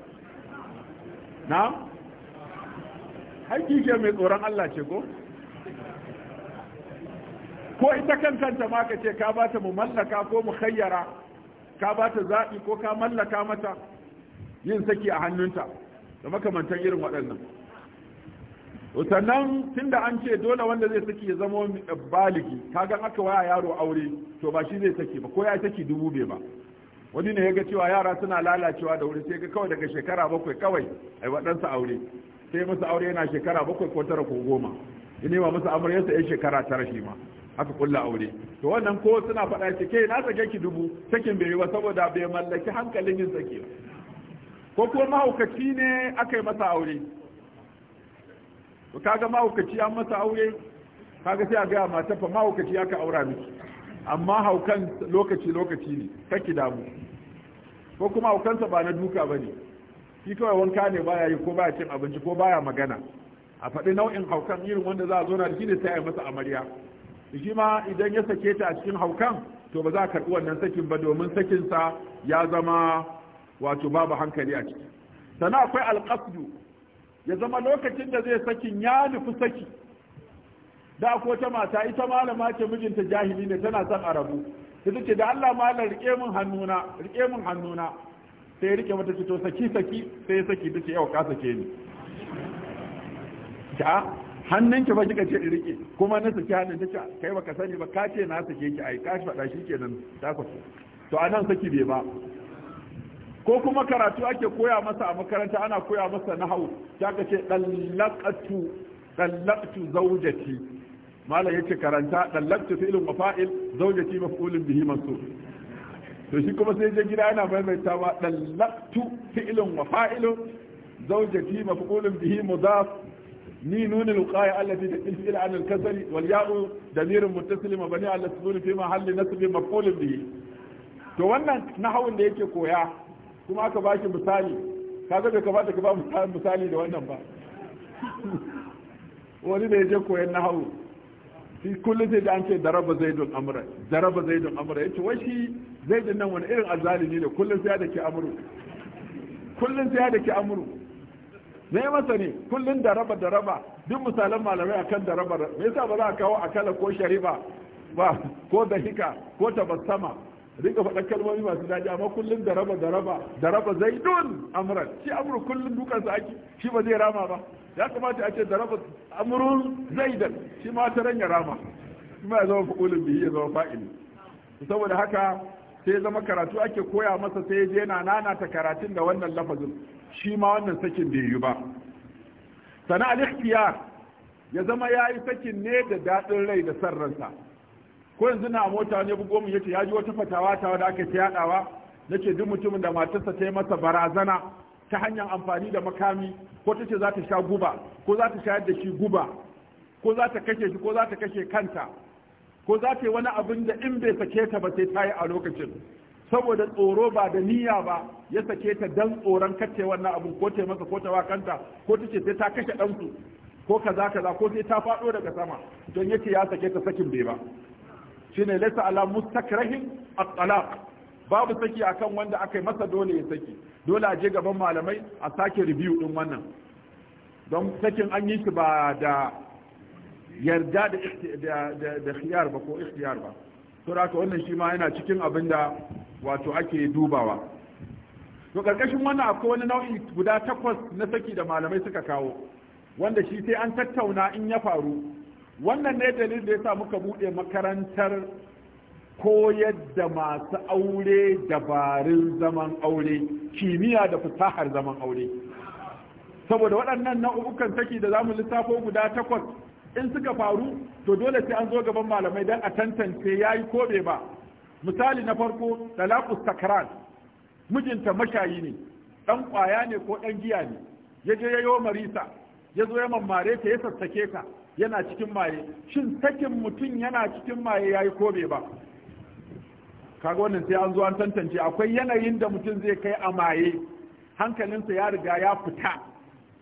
na? har kishiyar mai tsoron Allah ce ko? ko ita kan kanta ma ka ce ka ba ta mu mallaka ko mu khayyara ka ba ta zaɓi ko ka mallaka mata yin saki a hannunta da makamantan irin waɗannan sannan da an ce dole wanda zai saki ya zama baligi gan aka waya yaro aure to ba shi zai saki ba ko ya saki dubu bai ba wani ne ya ga cewa yara suna lalacewa da wuri sai ga kawai daga shekara bakwai kawai a yi waɗansa aure sai masa aure yana shekara bakwai ko tara ko goma ya nema masa amaryarsa ya shekara tara shi ma aka kulla aure to wannan ko suna faɗa ce ke na sake ki dubu sakin bai yi ba saboda bai mallaki hankalin yin sake ko kuma mahaukaci ne aka yi masa aure to kaga mahaukaci an masa aure kaga sai a gaya mata fa mahaukaci aka aura miki amma haukan lokaci lokaci ne kake damu ko kuma haukansa ba na duka bane shi kawai wanka ne baya yi ko baya cin abinci ko baya magana a faɗi nau'in haukan irin wanda za a zo na da shi ne sai a yi masa amarya shi ma idan ya sake ta a cikin haukan to ba za a karɓi wannan sakin ba domin sakinsa ya zama wato babu hankali a ciki sana akwai alƙasdu ya zama lokacin da zai sakin ya nufi saki da ko ta mata ita malama ce mijinta jahili ne tana son a rabu ta da Allah malar rike min hannuna rike min hannuna sai rike mata fito to saki saki sai saki ta yau ka sake ni ta hannunki ba kika ce in rike kuma na saki hannun ta kai baka sani ba ka ce na sake ki ai ka faɗa shi kenan ta kwaso to a nan saki bai ba ko kuma karatu ake koya masa a makaranta ana koya masa na nahau ta ka ce dallaqatu dallaqtu zaujati malam yace karanta dallaqtu fi'lun wa fa'il fi maf'ulun bihi masu to shi kuma sai je gida yana maimaitawa dallaqtu fi'lun wa ma fi maf'ulun bihi mudaf ni nuni luqaya allati tasil an al-kasal wal ya'u damir muttasil mabni ala sukun fi mahalli nasbi maf'ul bihi to wannan nahawun da yake koya kuma aka baki misali kaga bai kamata ka ba misali da wannan ba wani da yake koyan nahawu fi kullum sai da an ce daraba zaidun amra daraba zaidun amra yace wai shi zaidun nan wani irin azalimi ne kullum sai da ke amru kullum sai da ke amru ne masa ne kullun da raba da raba duk misalan malamai akan da raba me yasa ba za a kawo akala ko shariba ba ko da hika ko tabassama rika faɗa kalmomi masu daɗi amma kullun da raba da raba da raba zaidun amran shi amru kullun dukan sa ake shi ba zai rama ba ya kamata a ce da raba zai zaidan shi ma ta ranya rama kuma ya zama fa'ulun bihi ya zama fa'ili saboda haka sai zama karatu ake koya masa sai je na nana ta karatun da wannan lafazin shi ma wannan sakin bai yi ba sana al-ikhtiyar ya zama yayi sakin ne da dadin rai da san ko yanzu na mota ne bugo mu yace ya ji wata fatawa ta da aka yadawa nace duk mutumin da matarsa ta yi masa barazana ta hanyar amfani da makami ko tace za ta sha guba ko za ta shayar da shi guba ko za ta kashe shi ko za ta kashe kanta ko za ta yi wani abin da in bai sake ta ba sai ta yi a lokacin saboda tsoro ba da niyya ba ya sake ta dan tsoron kace wannan abun ko ta masa ko ta wa kanta ko ta ce sai ta kashe ɗansu ko kaza kaza ko sai ta faɗo daga sama don yace ya sake ta sakin bai ba shine laysa ala mustakrahin at-talaq babu saki akan wanda aka masa dole ya saki dole a je gaban malamai a sake review din wannan don sakin an yi shi ba da yarda da da khiyar ba ko ikhtiyar ba saboda wannan shi ma yana cikin abin da wato ake dubawa to karkashin wannan akwai wani nau'i guda takwas na saki da malamai suka kawo wanda shi sai an tattauna in ya faru wannan ne dalilin da yasa muka bude makarantar koyar da masu aure dabarun zaman aure kimiyya da fasahar zaman aure saboda waɗannan nau'ukan saki da zamu lissafo guda takwas in suka faru to dole sai an zo gaban malamai dan a tantance yayi ko bai ba misali na farko talaqu sakran mijinta mashayi ne Ɗan kwaya ne ko ɗan giya ne ya je yayo marisa ya zo ya mammare ta ya sassake ka yana cikin maye shin sakin mutum yana cikin maye yayi ko bai ba kaga wannan sai an zo an tantance akwai yanayin da mutum zai kai a maye hankalinsa ya riga ya fita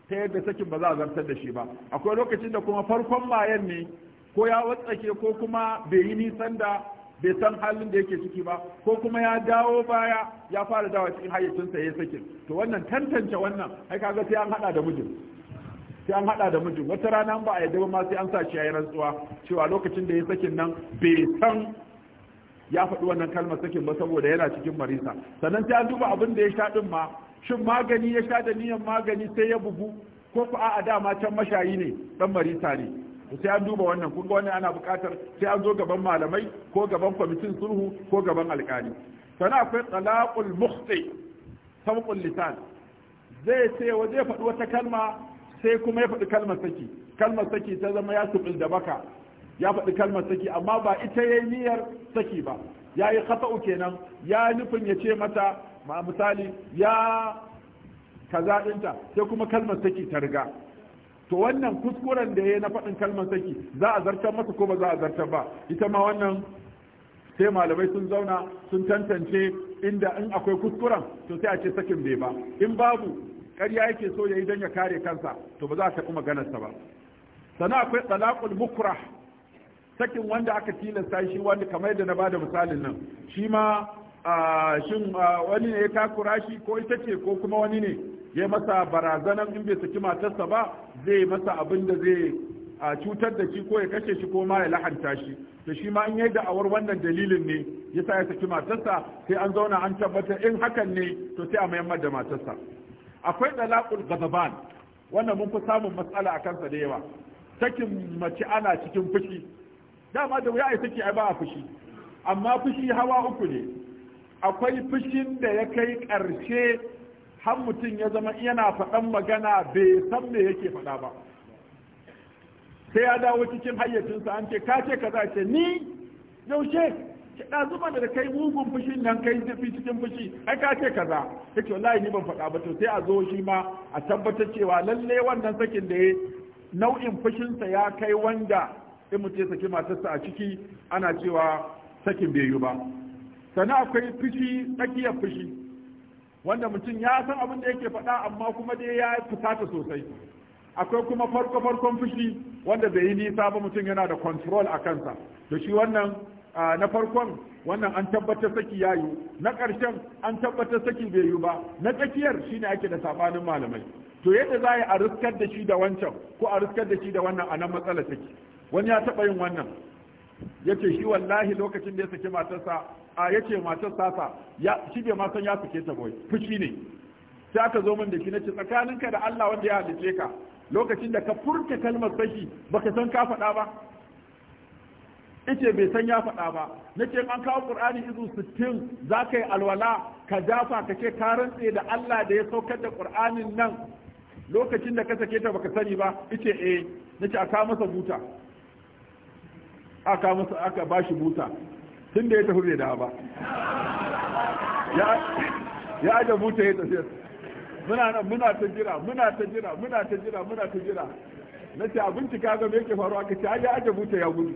ta yadda sakin ba za a zartar da shi ba akwai lokacin da kuma farkon mayan ne ko ya watsake ko kuma bai yi nisan da bai san halin da yake ciki ba ko kuma ya dawo baya ya fara dawa cikin hayyacinsa ya sakin to wannan tantance wannan ai kaga sai an hada da mijin sai an hada da mijin wata rana ba a yadda ma sai an sa shi yayin rantsuwa cewa lokacin da ya sakin nan bai san ya faɗi wannan kalmar sakin ba saboda yana cikin marisa sannan sai an duba abin da ya sha din ma shin magani ya sha da niyan magani sai ya bugu ko ku a dama can mashayi ne dan marita ne sai an duba wannan kun ga wannan ana buƙatar sai an zo gaban malamai ko gaban kwamitin sulhu ko gaban alƙali sannan akwai talaqul mukhti sabqul lisan zai ce waje zai faɗi wata kalma sai kuma ya faɗi kalmar saki kalmar saki ta zama ya tuɓil da baka ya faɗi kalmar saki amma ba ita yayi niyyar saki ba ya yi khata'u kenan ya nufin ya ce mata ma misali ya kaza ɗinta sai kuma kalmar saki ta riga to wannan kuskuren da ya na faɗin kalmar saki za a zartar masa ko ba za a zartar ba ita ma wannan sai malamai sun zauna sun tantance inda in akwai kuskuren to sai a ce sakin bai ba in babu ƙarya yake so ya yi don ya kare kansa to ba za a taɓi maganarsa ba sannan akwai talaqul mukrah sakin wanda aka tilasta shi wanda kamar yadda na bada misalin nan shi ma shin wani ne ya takura shi ko ita ce ko kuma wani ne ya masa barazanan in bai saki matarsa ba zai masa abin da zai cutar da shi ko ya kashe shi ko ma ya lahanta shi to shi ma in yi da'awar wannan dalilin ne ya sa ya saki matarsa sai an zauna an tabbatar in hakan ne to sai a mayammar da matarsa akwai dalaqul gazaban wannan mun fi samun matsala a kansa da yawa sakin mace ana cikin fushi dama da wuya ai saki ai ba a fushi amma fushi hawa uku ne akwai fushin da ya kai ƙarshe har mutum ya zama yana faɗan magana bai san me yake faɗa ba sai ya dawo cikin hayyacinsa an ce ka ce za ce ni yaushe ki zuma da kai mugun fushin nan kai zafi cikin fushi ai ka ce kaza yake wallahi ni ban faɗa ba to sai a zo shi ma a tabbatar cewa lalle wannan sakin da ya nau'in fushinsa ya kai wanda in mutum ya saki matarsa a ciki ana cewa sakin bai yi ba sana akwai fushi tsakiyar fushi wanda mutum ya san abin da yake faɗa amma kuma dai ya fusata sosai akwai kuma farko farkon fushi wanda bai yi nisa ba mutum yana da control a kansa to shi wannan na farkon wannan an tabbatar saki ya yi na ƙarshen an tabbatar saki bai yi ba na tsakiyar shine ake da sabanin malamai to yadda za a yi riskar da shi da wancan ko a riskar da shi da wannan a nan matsala take wani ya taɓa yin wannan yace shi wallahi lokacin da ya saki matarsa a yace matar sasa ya shi bai ma san ya sake ta boy fushi ne sai aka zo min da shi nace tsakaninka da Allah wanda ya halice ka lokacin da ka furta kalmar saki baka san ka faɗa ba ice bai san ya faɗa ba nace an kawo qur'ani izu 60 za alwala ka dafa ka ce ka rantse da Allah da ya saukar da qur'anin nan lokacin da ka sake ta baka sani ba ice eh nace a ka masa buta aka masa aka bashi buta tun da ya tafi bai dawa ba ya aje buta ya tafi muna nan muna ta jira muna ta jira muna ta jira muna ta jira na ce abinci ka ga yake faruwa ka ce ya aje buta ya gudu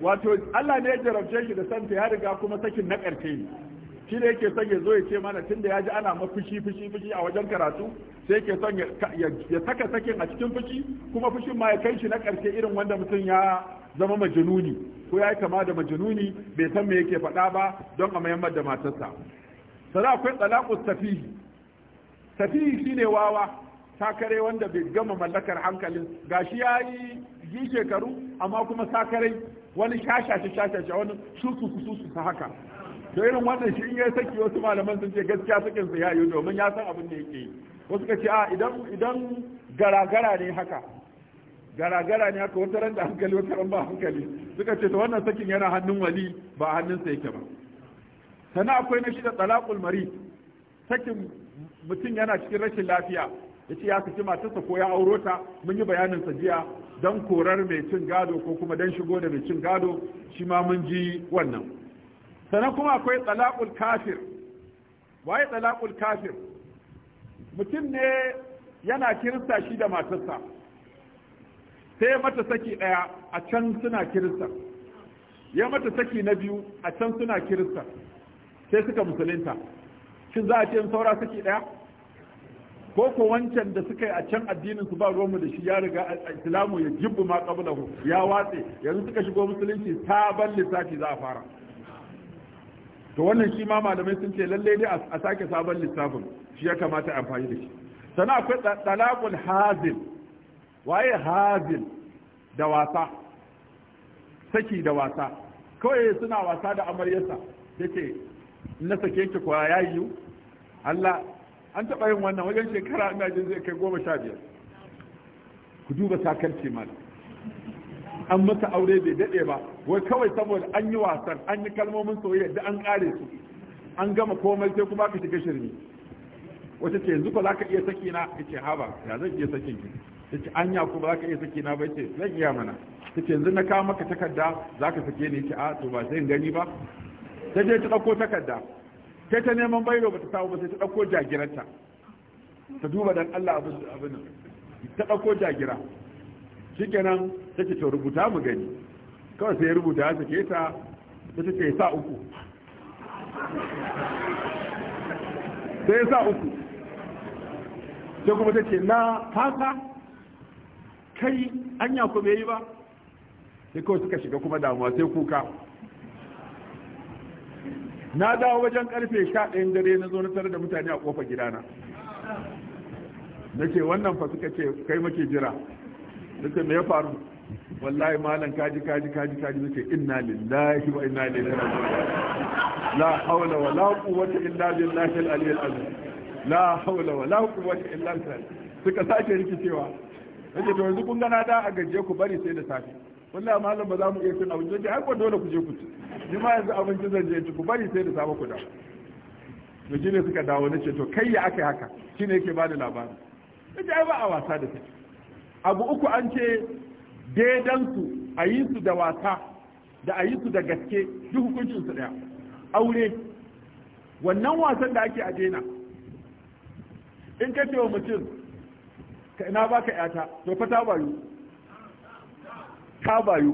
wato Allah ne ya jarabce shi da santa ya riga kuma sakin na ƙarshe shi da yake sage zo ya ce mana tunda ya ji ana mafi fushi fushi a wajen karatu sai ke son ya saka sakin a cikin fushi kuma fushin ma ya kai shi na ƙarshe irin wanda mutum ya zama majanuni ko ya yi kama da majanuni bai san me yake faɗa ba don a mayammar da matarsa sana akwai talakus tafihi tafihi ne wawa sakare wanda bai gama mallakar hankalin gashi ya yi yi shekaru amma kuma sakare wani shashashi shashashi wani susu susu haka da irin wannan shi in ya saki wasu malaman sun ce gaskiya sakinsa ya yi domin ya san abin da yake yi wasu ka ce a ah, idan idan garagara ne haka garagara ne haka wata ran da hankali wata ran hankali suka ce ta wannan sakin yana hannun wali ba a sa yake ba sannan akwai na da talaqul mari sakin mutum yana cikin rashin lafiya ya ce ya saki matarsa ko ya auro ta mun yi bayanin sa jiya dan korar mai cin gado ko kuma dan shigo da mai cin gado shi ma mun ji wannan sannan kuma akwai talaqul kafir waye talaqul kafir mutum ne yana kirista shi da matarsa sai mata saki ɗaya a can suna kirista ya mata saki na biyu a can suna kirista sai suka musulunta shin za a ce saura saki ɗaya ko ko wancan da suka yi a can addinin su ba romu da shi ya riga islamu ya jibbu ma qablahu ya watse yanzu suka shigo musulunci sabon lissafi za a fara to wannan shi ma malamai sun ce lalle dai a sake sabon lissafin shi ya kamata amfani da shi sana akwai talaqul hazil waye hazil da wasa saki da wasa kawai suna wasa da amaryarsa yace na sake ki ko yayyu Allah an taɓa yin wannan wajen shekara ina jin zai kai goma sha ku duba sakarci mana an masa aure bai daɗe ba wai kawai saboda an yi wasan an yi kalmomin soyayya da an kare su an gama komai sai kuma ka shiga shirme wata ce yanzu ba za ka iya saki na ya ce haba ya zai iya sakin ki ta ce anya ko ba za ka iya saki na ba ya ce zai iya mana ta ce yanzu na kawo maka takarda za ka sake ni ya ce a to ba zai gani ba ta je ta ɗauko takarda ta ta neman bairo ba ta samu ba sai ta ɗauko jagiranta ta duba dan Allah abin abin ta ɗauko jagira shikenan ta ce to rubuta mu gani kawai sai rubuta ya sake ta ta ce sa uku sai ya sa uku sai kuma ta ce na fasa kai anya ku bai yi ba sai kawai suka shiga kuma damuwa sai kuka na dawo wajen karfe sha ɗayan dare na zo na tare da mutane a ƙofa gidana na ce wannan fa suka ce kai muke jira na ce me ya faru wallahi malam kaji kaji kaji kaji nace inna lillahi wa inna ilaihi raji'un la hawla wa la quwwata illa billahi al-aliyyil azim la haula wala quwwata illa billah suka sake rikicewa yace to yanzu kun gana da a gaje ku bari sai da safe wallahi malam ba za mu iya cin abinci har ko dole ku je ku ci ni ma yanzu abinci zan je ku bari sai da safe ku da. to ne suka dawo nace to kai ya akai haka shine yake bada labari yace ai ba a wasa da kai abu uku an ce daidan su a yi su da wasa da a yi su da gaske duk hukuncin su daya aure wannan wasan da ake a daina in ka ce wa mutum ka ina baka yata to fa ta bayu ka bayu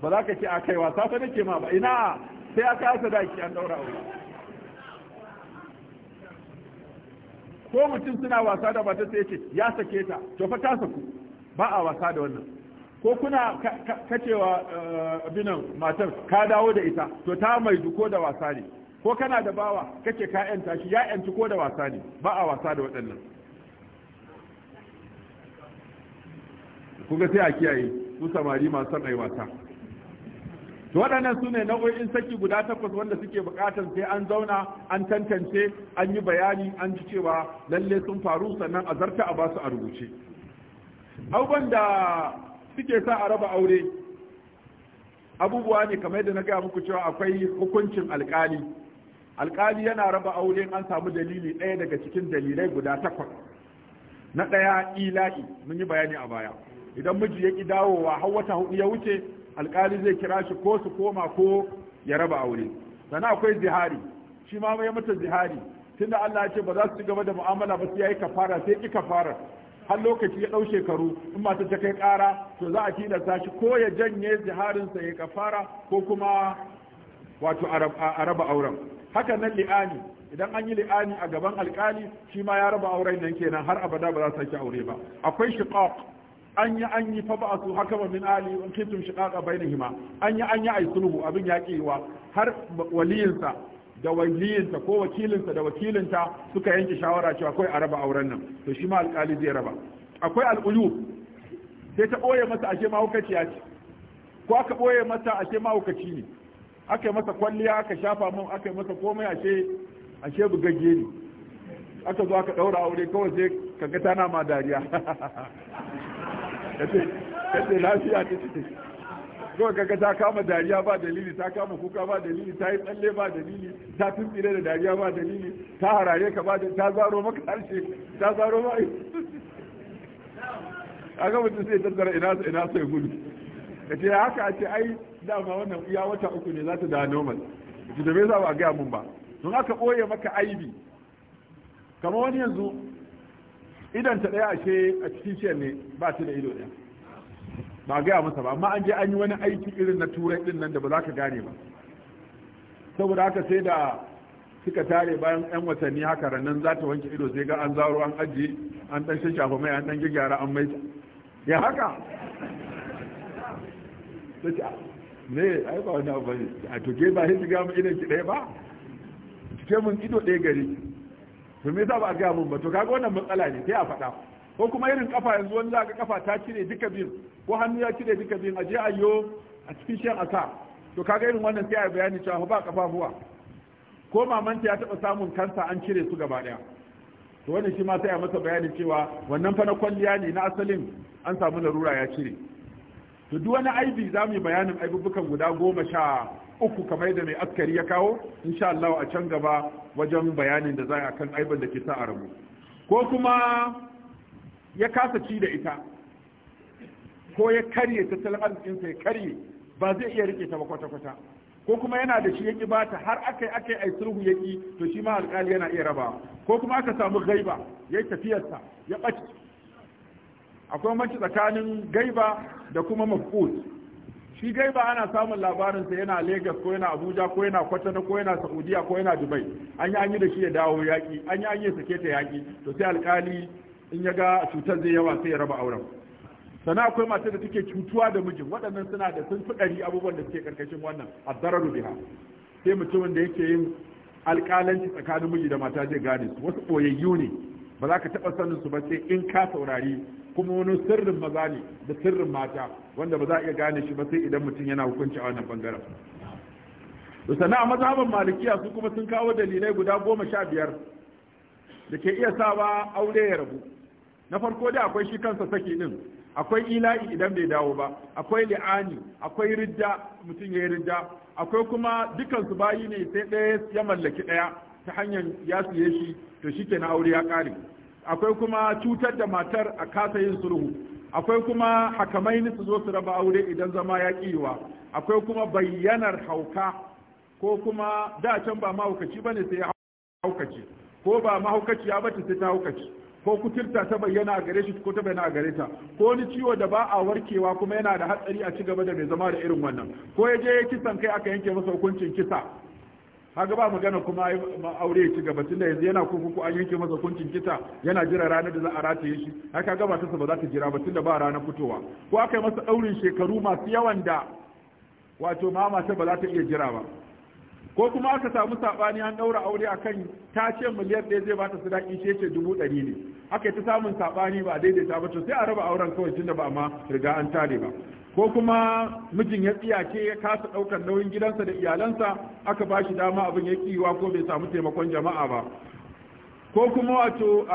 ba za ka ce a kai wasa ta nake ma ba ina sai aka yasa daki an daura aure ko mutum suna wasa da mata sai ce ya sake ta to fa ta saku ba a wasa da wannan ko kuna kacewa eh, abinan matar ka dawo da ita to ta mai duko da wasa ne ko kana da bawa kake ka yanta shi ya yanci ko da wasa ne ba a wasa da waɗannan Kuma sai a kiyaye su samari masu son ai wasa to waɗannan su ne nau'o'in saki guda takwas wanda suke buƙatar sai an zauna an tantance an yi bayani an ji cewa lalle sun faru sannan a zarta a ba su a rubuce abubuwan da suke sa a raba aure abubuwa ne kamar yadda na gaya muku cewa akwai hukuncin alƙali alkali yana raba aure an samu dalili ɗaya daga cikin dalilai guda takwas na ɗaya ila'i mun yi bayani a baya idan miji ya ƙi dawowa har wata hudu ya wuce alkali zai kira shi ko su koma ko ya raba aure sannan akwai zihari shi ma ya mata zihari tunda Allah ya ce ba za su ci gaba da mu'amala ba sai yayi kafara sai ki kafara har lokaci ya ɗau shekaru in mata ta kai ƙara to za a tilasta shi ko ya janye ziharinsa ya kafara ko kuma wato a raba auren haka nan li'ani idan an yi li'ani a gaban alkali shi ma ya raba auren nan kenan har abada ba za su sake aure ba akwai shiqaq an yi an yi fa ba'su ba min ali in kuntum shiqaqa bainahuma an yi an yi ai sulhu abin ya har waliyinsa da waliyinsa ko wakilinsa da wakilinta suka yanke shawara cewa akwai a raba auren nan to shi ma alkali zai raba akwai al'uyub sai ta ɓoye masa ashe mahaukaciya ce ko aka boye masa ashe mahaukaci ne aka masa kwalliya aka shafa mun aka masa komai ashe ashe bugagge ne aka zo aka daura aure kawai sai kaga tana ma dariya kace *laughs* lafiya ta ce kawai kaga ta kama dariya ba dalili ta kama kuka ba dalili ta yi tsalle ba dalili ta tuntsire da dariya ba dalili ta harare ka ba ta zaro maka harshe ta zaro ma *laughs* aga mutum sai tattara ina sai gudu kace haka a ce ai dama wannan iya wata uku ne za ta da normal ki da bai za ba ga mun ba don aka boye maka aibi kamar wani yanzu idan ta daya ashe a cikin shi ne ba ta da ido ɗaya ba ga masa ba amma an je an yi wani aiki irin na turai din nan da ba za ka gane ba saboda haka sai da suka tare bayan 'yan watanni haka rannan za ta wanke ido sai ga an zaro an ajiye an dan shafa mai an dan gyara an maita ya haka ne ai ba wani abu ne a toke ba sai ga mu idan ki ɗaya ba ce mun ido ɗaya gari to me za ba ga mun ba to kaga wannan matsala ne sai a faɗa ko kuma irin kafa yanzu wani zaka kafa ta cire duka biyun ko hannu ya cire duka biyun a je yo a cikin shan aka to kaga irin wannan sai a bayani cewa ba kafa buwa ko mamanta ya taɓa samun kansa an cire su gaba ɗaya to wannan shi ma sai a masa bayani cewa wannan fa na kwalliya ne na asalin an samu larura ya cire to duk wani aibi za mu yi bayanin aibubukan guda goma sha uku kamar da mai askari ya kawo insha Allah a can gaba wajen bayanin da za a kan aibin da ke sa a rabu ko kuma ya kasa ci da ita ko ya karye tattalin arzikinsa ya karye ba zai iya rike ta ba kwata-kwata ko kuma yana da shi ya ki bata har akai akai ai sulhu ya to shi ma alƙali yana iya raba ko kuma aka samu gaiba ya yi tafiyarsa ya ɓace. akwai mace tsakanin gaiba da kuma mafkud shi gaiba ana samun labarin sa yana lagos ko yana abuja ko yana kwatano ko yana saudiya ko yana dubai an yi an da shi ya dawo yaki an yi an yi sake ta yaki to sai alkali in ya ga cutar zai yawa sai ya raba auren sana akwai matar da take cutuwa da mijin waɗannan suna da sun fi abubuwan da suke karkashin wannan addararu biha sai mutumin da yake yin alƙalanci tsakanin miji da mata zai gane wasu ɓoyayyu ne ba za ka taɓa sanin su ba sai in ka saurari kuma wani sirrin maza ne da sirrin mata wanda ba za a iya gane shi ba sai idan mutum yana hukunci a wannan bangaren da sana a mazhaban malikiya su kuma sun kawo dalilai guda goma sha biyar da ke iya sawa aure ya rabu na farko dai akwai shi kansa saki din akwai ila'i idan bai dawo ba akwai li'ani akwai ridda mutum ya yi ridda akwai kuma dukansu bayi ne sai ɗaya ya mallaki ɗaya ta hanyar ya siye shi to na aure ya kare akwai kuma cutar da matar a kasa yin sulhu akwai kuma hakamai su zo su raba aure idan zama ya kiwa akwai kuma bayyanar hauka ko kuma da can ba mahaukaci bane sai ya haukaci ko ba mahaukaci ya bace sai ta haukaci ko kutirta ta bayyana a gare shi ko ta bayyana a gare ta ko wani ciwo da ba a warkewa kuma yana da hatsari a ci gaba da mai zama da irin wannan ko ya je ya kisan kai aka yanke masa hukuncin kisa haka ba magana kuma aure ya ci gaba da yanzu yana ko an yanke masa kuncin kita yana jira ranar da za a rataye shi haka ga ba ba za ta jira ba tun da ba ranar fitowa ko aka yi masa daurin shekaru masu yawan da wato ma ta ba za ta iya jira ba ko kuma aka samu sabani an daura aure akan kan ce miliyan ɗaya zai bata sadaki ce ce dubu ɗari ne aka yi ta samun sabani ba daidaita ba to sai a raba auren kawai tun da ba ma riga an tare ba ko kuma mijin ya tsiyace ya kasa ɗaukar nauyin gidansa da iyalansa aka ba shi dama abin ya kiwa ko bai samu taimakon jama'a ba ko kuma wato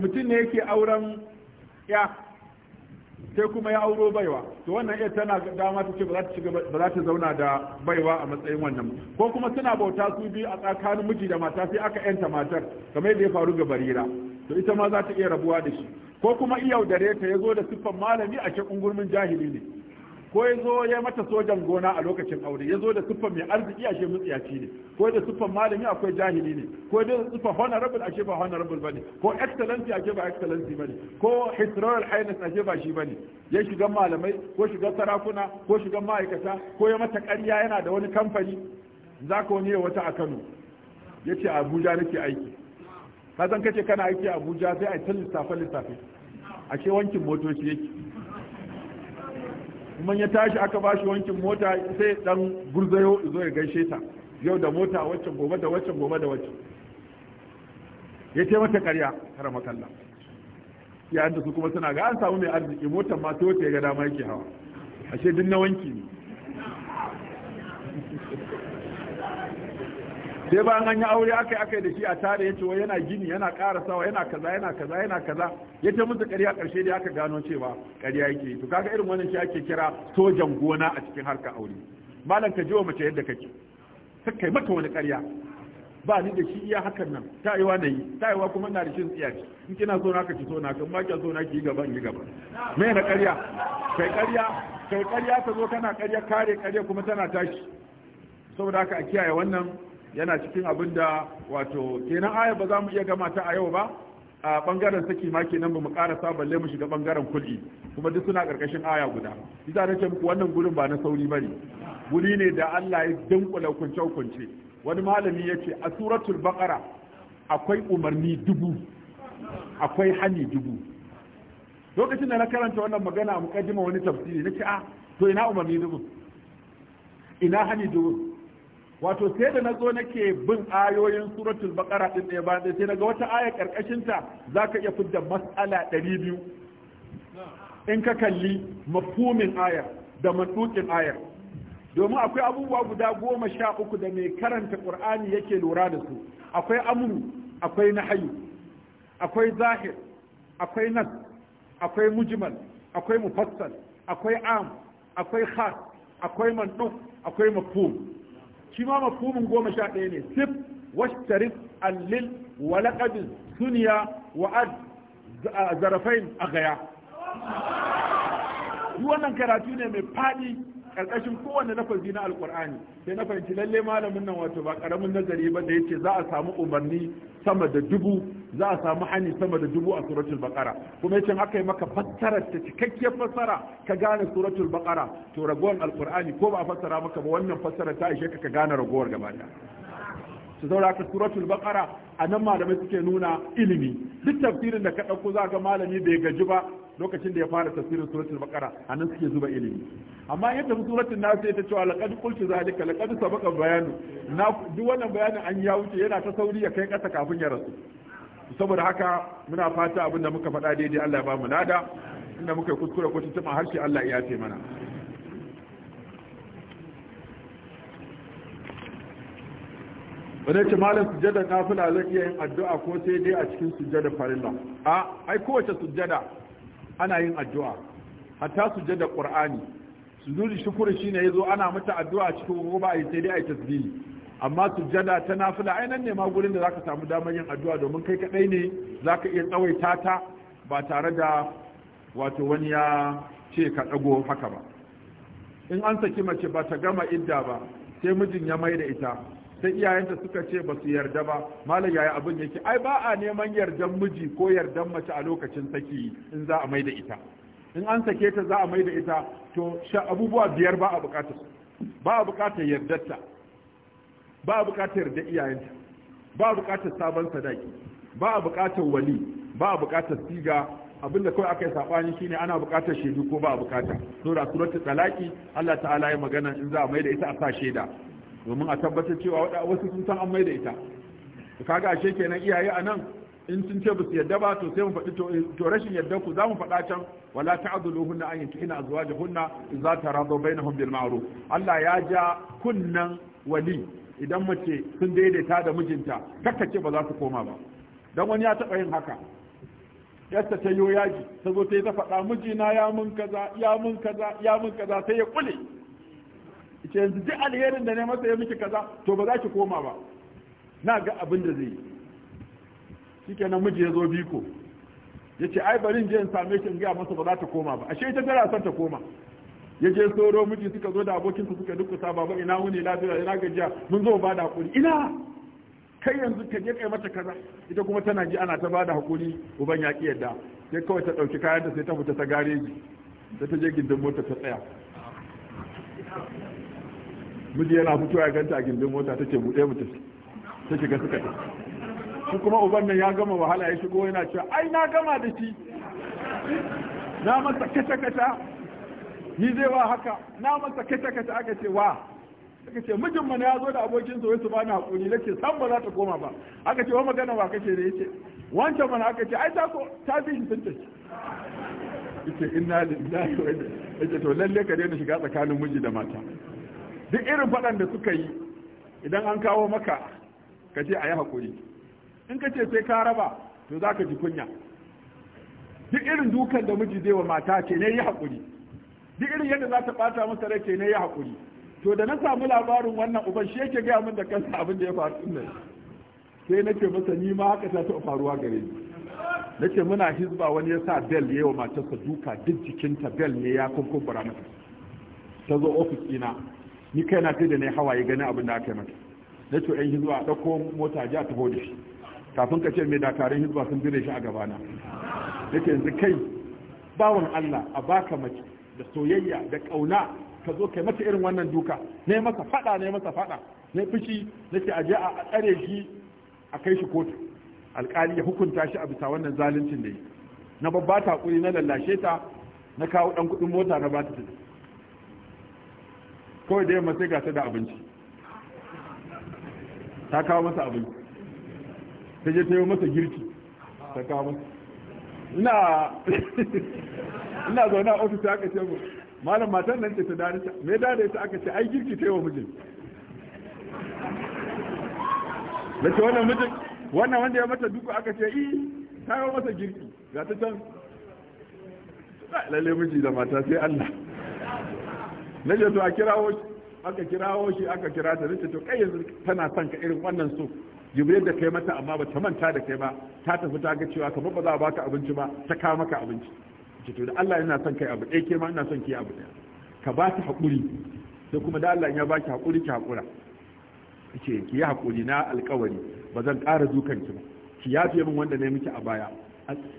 mutum ne yake auren ya sai kuma ya auro baiwa to wannan iya tana dama ta ce ba za ta zauna da baiwa a matsayin wannan ko kuma suna bauta su biyu a tsakanin miji da mata sai aka yanta matar kamar da ya faru ga barira to ita ma za ta iya rabuwa da shi ko kuma iya yaudare ta ya zo da siffan malami a cikin ungurmin jahili ne ko ya zo ya mata sojan gona a lokacin aure ya zo da siffan mai arziki a shemin tsiyaci ne ko da siffan malami akwai jahili ne ko da siffan honorable a ba honorable bane ko excellency a ba excellency bane ko his royal highness a ba shi bane ya shiga malamai ko shiga sarakuna ko shiga ma'aikata ko ya mata ƙarya yana da wani kamfani za ka wani wata a Kano ya ce Abuja nake aiki ka san kace kana aiki a Abuja sai a ta lissafe a ashe wankin motoci yake kuma ya tashi aka bashi wankin mota sai dan gurzayo zo ya gaishe ta yau da mota waccan gobe da waccan gobe da waccan ya ce mata karya kara makalla yayin da su kuma suna ga an samu mai arziki motar ma sai ya ga dama yake hawa ashe duk na wanki ne sai ba an yi aure aka yi aka yi da shi a tare ya ce wa yana gini yana sawa yana kaza yana kaza yana kaza ya ce musu ƙarya ƙarshe da aka gano cewa ƙarya yake to kaga irin wannan shi ake kira sojan gona a cikin harkar aure malam ka jiwa mace yadda kake kai mata wani ƙarya ba ni da shi iya hakan nan ta wa na yi ta wa kuma na da shi tsiya ce in kina so na ka ki so na kan ba ki so na ki gaba in yi gaba me na ƙarya kai ƙarya kai ƙarya ta zo kana ƙarya kare ƙarya kuma tana tashi saboda haka a kiyaye wannan yana cikin abin da wato kenan aya ba za mu iya gama ta a yau ba a bangaren saki ma kenan ba mu karasa balle mu shiga bangaren kul'i kuma duk suna karkashin aya guda isa nake muku wannan gurin ba na sauri bane guri ne da Allah ya dinkula kunce kunce wani malami yace a suratul baqara akwai umarni dubu akwai hani dubu lokacin da na karanta wannan magana a mukaddima wani tafsiri nace a ah, to ina umarni dubu ina hani dubu wato sai da na nazo nake bin ayoyin suratul baqara din ɗaya ba sai daga wata aya karkashin ta zaka iya fidda mas'ala 200 in ka kalli mafhumin ayar da mandukin ayar domin akwai abubuwa guda goma sha uku da mai karanta qur'ani yake lura da su akwai amru akwai nahyu akwai zahir akwai nas akwai mujmal akwai mufassal akwai am akwai khas akwai manduk akwai mafhum shi ma mafhumin goma sha ɗaya ne sif washtarif allil wa laqabin suniya wa ad zarafain a gaya yi wannan karatu ne mai faɗi ƙarƙashin kowane lafazi na alƙur'ani sai na fahimci lalle malamin nan wato ba ƙaramin nazari ba da yace za a samu umarni sama da dubu za a samu hani sama da dubu a suratul bakara kuma yace haka yi maka fassara ta cikakkiyar fassara ka gane suratul bakara to ragowar alqur'ani ko ba a fassara maka ba wannan fassara ta ishe ka ka gane ragowar gaba ɗaya su zaura ka suratul bakara a nan malamai suke nuna ilimi duk tafsirin da ka ɗauko za ga malami bai gaji ba lokacin da ya fara tafsirin suratul bakara a nan suke zuba ilimi amma yadda suratul ya ta cewa za a zalika laƙadu sabakan bayanu duk wannan bayanin an ya wuce yana ta sauri ya kai ƙasa kafin ya rasu saboda haka muna fata abin da muka faɗa daidai Allah ya ba mu nada inda muka kuskure ko har harshe Allah ya ce mana wadda malam sujjada nafila zai iya yin addu'a ko sai dai a cikin sujjada farilla a ai kowace sujjada ana yin addu'a hatta sujjada qur'ani sujudi shukuri shine yazo ana mata addu'a cikin gobe ai sai dai ai tasbihi amma sujjada ta nafila ainihin ne ma gurin da zaka samu damar yin addu'a domin kai kaɗai ne zaka iya tsawaita ta ba tare da wato wani ya ce ka dago haka ba in an saki mace ba ta gama idda ba sai mijin ya mai da ita sai iyayenta suka ce ba su yarda ba malam yaya abin yake ai ba a neman yardan miji ko yardan mace a lokacin saki in za a mai da ita in an sake ta za a mai da ita to abubuwa biyar ba a bukatar ba a bukatar yardarta ba a bukatar da iyayenta ba a bukatar sabon sadaki ba a bukatar wali ba a bukatar siga Abin da kawai aka yi sabani shine ana bukatar shaidu ko ba a bukata da suratul talaki Allah ta'ala ya magana in za a mai da ita a sa shaida domin a tabbatar cewa wasu sun san an mai da ita kaga ashe kenan iyaye a nan? in sun ce basu yadda ba to sai mu faɗi to rashin yadda ku za mu faɗa can wala ta'dhuluhunna an in za ta taradu bainahum bil ma'ruf Allah ya ja kunnan wali idan mace sun daidaita da mijinta kakkace ba za su koma ba dan wani ya taba yin haka Yasta ta yo yaji ta zo ta yi ta faɗa mijina ya mun kaza ya mun kaza ya mun kaza sai ya kule ce yanzu duk alherin da ne masa ya miki kaza to ba za ki koma ba na ga abin da zai yi shikenan miji ya zo biko ya ce ai bari in je in same shi in gaya masa ba za ta koma ba ashe ita tana son ta koma ya je soro miji suka zo da abokinsa suka sa baba ina wuni lafiya ina gajiya mun zo ba da hakuri ina kai yanzu ka je kai mata kaza ita kuma tana ji ana ta ba da hakuri uban ya ki yadda sai kawai ta dauki kayan da sai ta fita ta gareji da ta je gindin mota ta tsaya miji yana fitowa ya ganta a gindin mota ta ce buɗe mutum ta shiga suka ta shi kuma uban nan ya gama wahala ya shigo yana cewa ai na gama da shi na masa kata-kata ni zai wa haka na masa kata kata aka ce wa aka ce mijin mana ya zo da abokin sa su bani hakuri nake san ba za ta koma ba aka ce wa magana wa kace da yace wancan mana aka ce ai ta ko ta bi shi tunta yace inna lillahi wa inna yace to lalle ka daina shiga tsakanin miji da mata duk irin fadan da suka yi idan an kawo maka ka je ayi hakuri in ka ce sai ka raba to zaka ji kunya duk irin dukan da miji zai wa mata ce ne yi hakuri duk irin yadda za ta bata masa rai ne ya haƙuri to da na samu labarin wannan uban shi yake gaya min da kansa abin da ya faru din nan sai nake masa ni ma haka ta taɓa faruwa gare ni nake muna hizba wani ya sa bel ya wa matarsa duka duk jikinta bel ne ya kunkumbura mata ta zo ofis ɗina ni kai na da ne hawaye ganin abin da aka yi mata na ce yan hizba ɗauko mota ji a taho da shi kafin ka ce mai dakarun hizba sun dire shi a gabana na ce yanzu kai bawan allah a baka mace da soyayya da kauna ka zo kai mata irin wannan duka ne masa fada ne masa fada ne fici nake aje a tsare shi a kai shi kotu alkali ya hukunta shi a bisa wannan zaluncin da yi na babba ta kuri na lallashe ta na kawo dan kudin mota na ba ta tafi kawai da yamma sai ga da abinci ta kawo masa abinci ta je ta yi masa girki ta kawo masa ina *laughs* ina zaune a ofis aka ce mu malam matan nan ce ta dare ta me dare ta aka ce ai girki ta wa mijin da ce wannan mijin wannan wanda ya mata duku aka ce i ta yi masa girki ga ta can lalle miji da mata sai Allah na je to a kirawo shi aka kirawo shi aka kira ta nace to kai yanzu tana son ka irin wannan so jibril da kai mata amma bata manta da kai ba ta tafi ta ga cewa kamar ba za a baka abinci ba ta kawo maka abinci ce to da Allah yana son kai abu ɗaya ke ma ina son ki abu ɗaya ka ba ta haƙuri sai kuma da Allah ya ba ki haƙuri ki haƙura ce ki yi haƙuri na alƙawari ba zan ƙara dukan ki ba ki yafe min wanda na miki a baya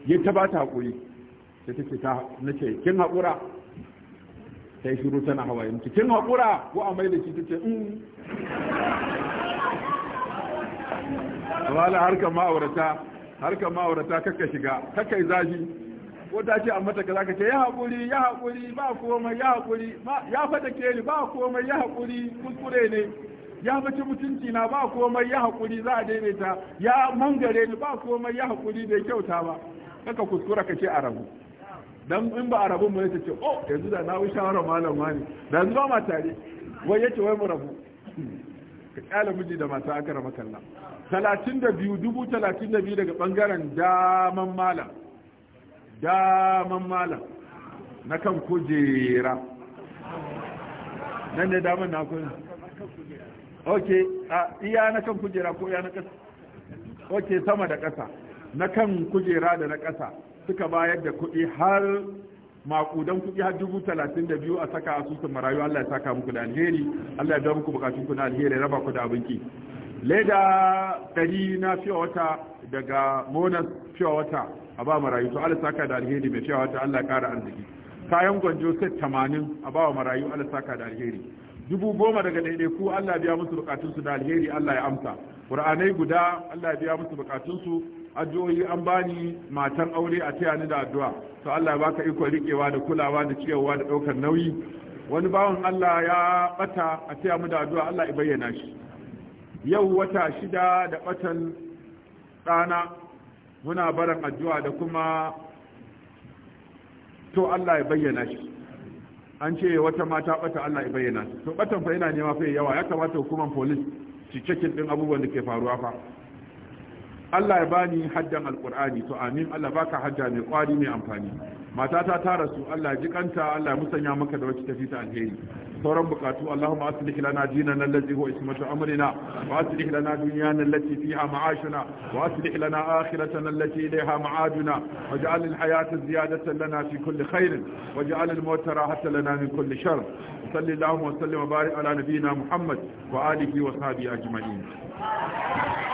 ya ta ba ta haƙuri sai take ta nace kin haƙura sai shiru tana hawaye miki kin haƙura ko a mai da ki tace in mm. wala harkar ma'aurata harkar ma'aurata kakka shiga kakka zafi ko ce a mataka za ka ce ya haƙuri ya haƙuri ba komai ya haƙuri ya fata keli ba komai ya haƙuri kuskure ne ya bace mutunci na ba komai ya haƙuri za a ta. ya mangare ne ba komai ya haƙuri bai kyauta ba kaka kuskura ka ce a rabu dan in ba a rabu mu ne ta ce oh yanzu da na wi shawara malam wani da yanzu ba ma tare wai ce wai mu rabu ka kyala miji da mata aka rama kalla talatin da biyu dubu talatin da biyu daga bangaren daman malam daman malam na kan kujera nan ne daman na kun ok a iya na kan kujera ko iya na kasa ok sama da kasa na kan kujera da na kasa suka bayar da kuɗi har makudan kuɗi har dubu talatin da biyu a saka asusun marayu Allah ya saka muku da alheri Allah ya biya muku bukatun ku na alheri raba ku da abinki leda ɗari na fiye wata daga monas fiye wata a ba marayu to Allah saka da alheri mai fiye wata Allah ya ƙara arziki kayan gwanjo set tamanin a ba marayu Allah saka da alheri dubu goma daga ku Allah ya biya musu bukatun su da alheri Allah ya amsa Qur'anai guda Allah ya biya musu bukatun su. addu'o'i an bani matan aure a taya ni da addu'a to Allah ya baka iko rikewa da kulawa da ciyarwa da daukar nauyi wani bawan Allah ya bata a taya mu da addu'a Allah ya bayyana shi yau wata shida da batan tsana muna barin addu'a da kuma to Allah ya bayyana shi an ce wata mata bata Allah ya bayyana shi to batan fa yana nema fa yawa ya kamata hukumar police su cikin din abubuwan da ke faruwa fa Allah ya bani haddan alkur'ani to amin Allah baka hadda mai kwari mai amfani matata ta rasu Allah ji kanta Allah musanya maka da wacce tafi ta alheri sauran bukatu Allahumma aslih lana dinana allazi huwa ismatu amrina wa aslih lana dunyana allati fiha ma'ashuna wa aslih lana akhiratana allati ilayha ma'aduna waj'al alhayata ziyadatan lana fi kulli khair waj'al almauta rahatan lana min kulli shar salli Allahumma sallim wa barik ala nabiyyina Muhammad wa alihi wa sahbihi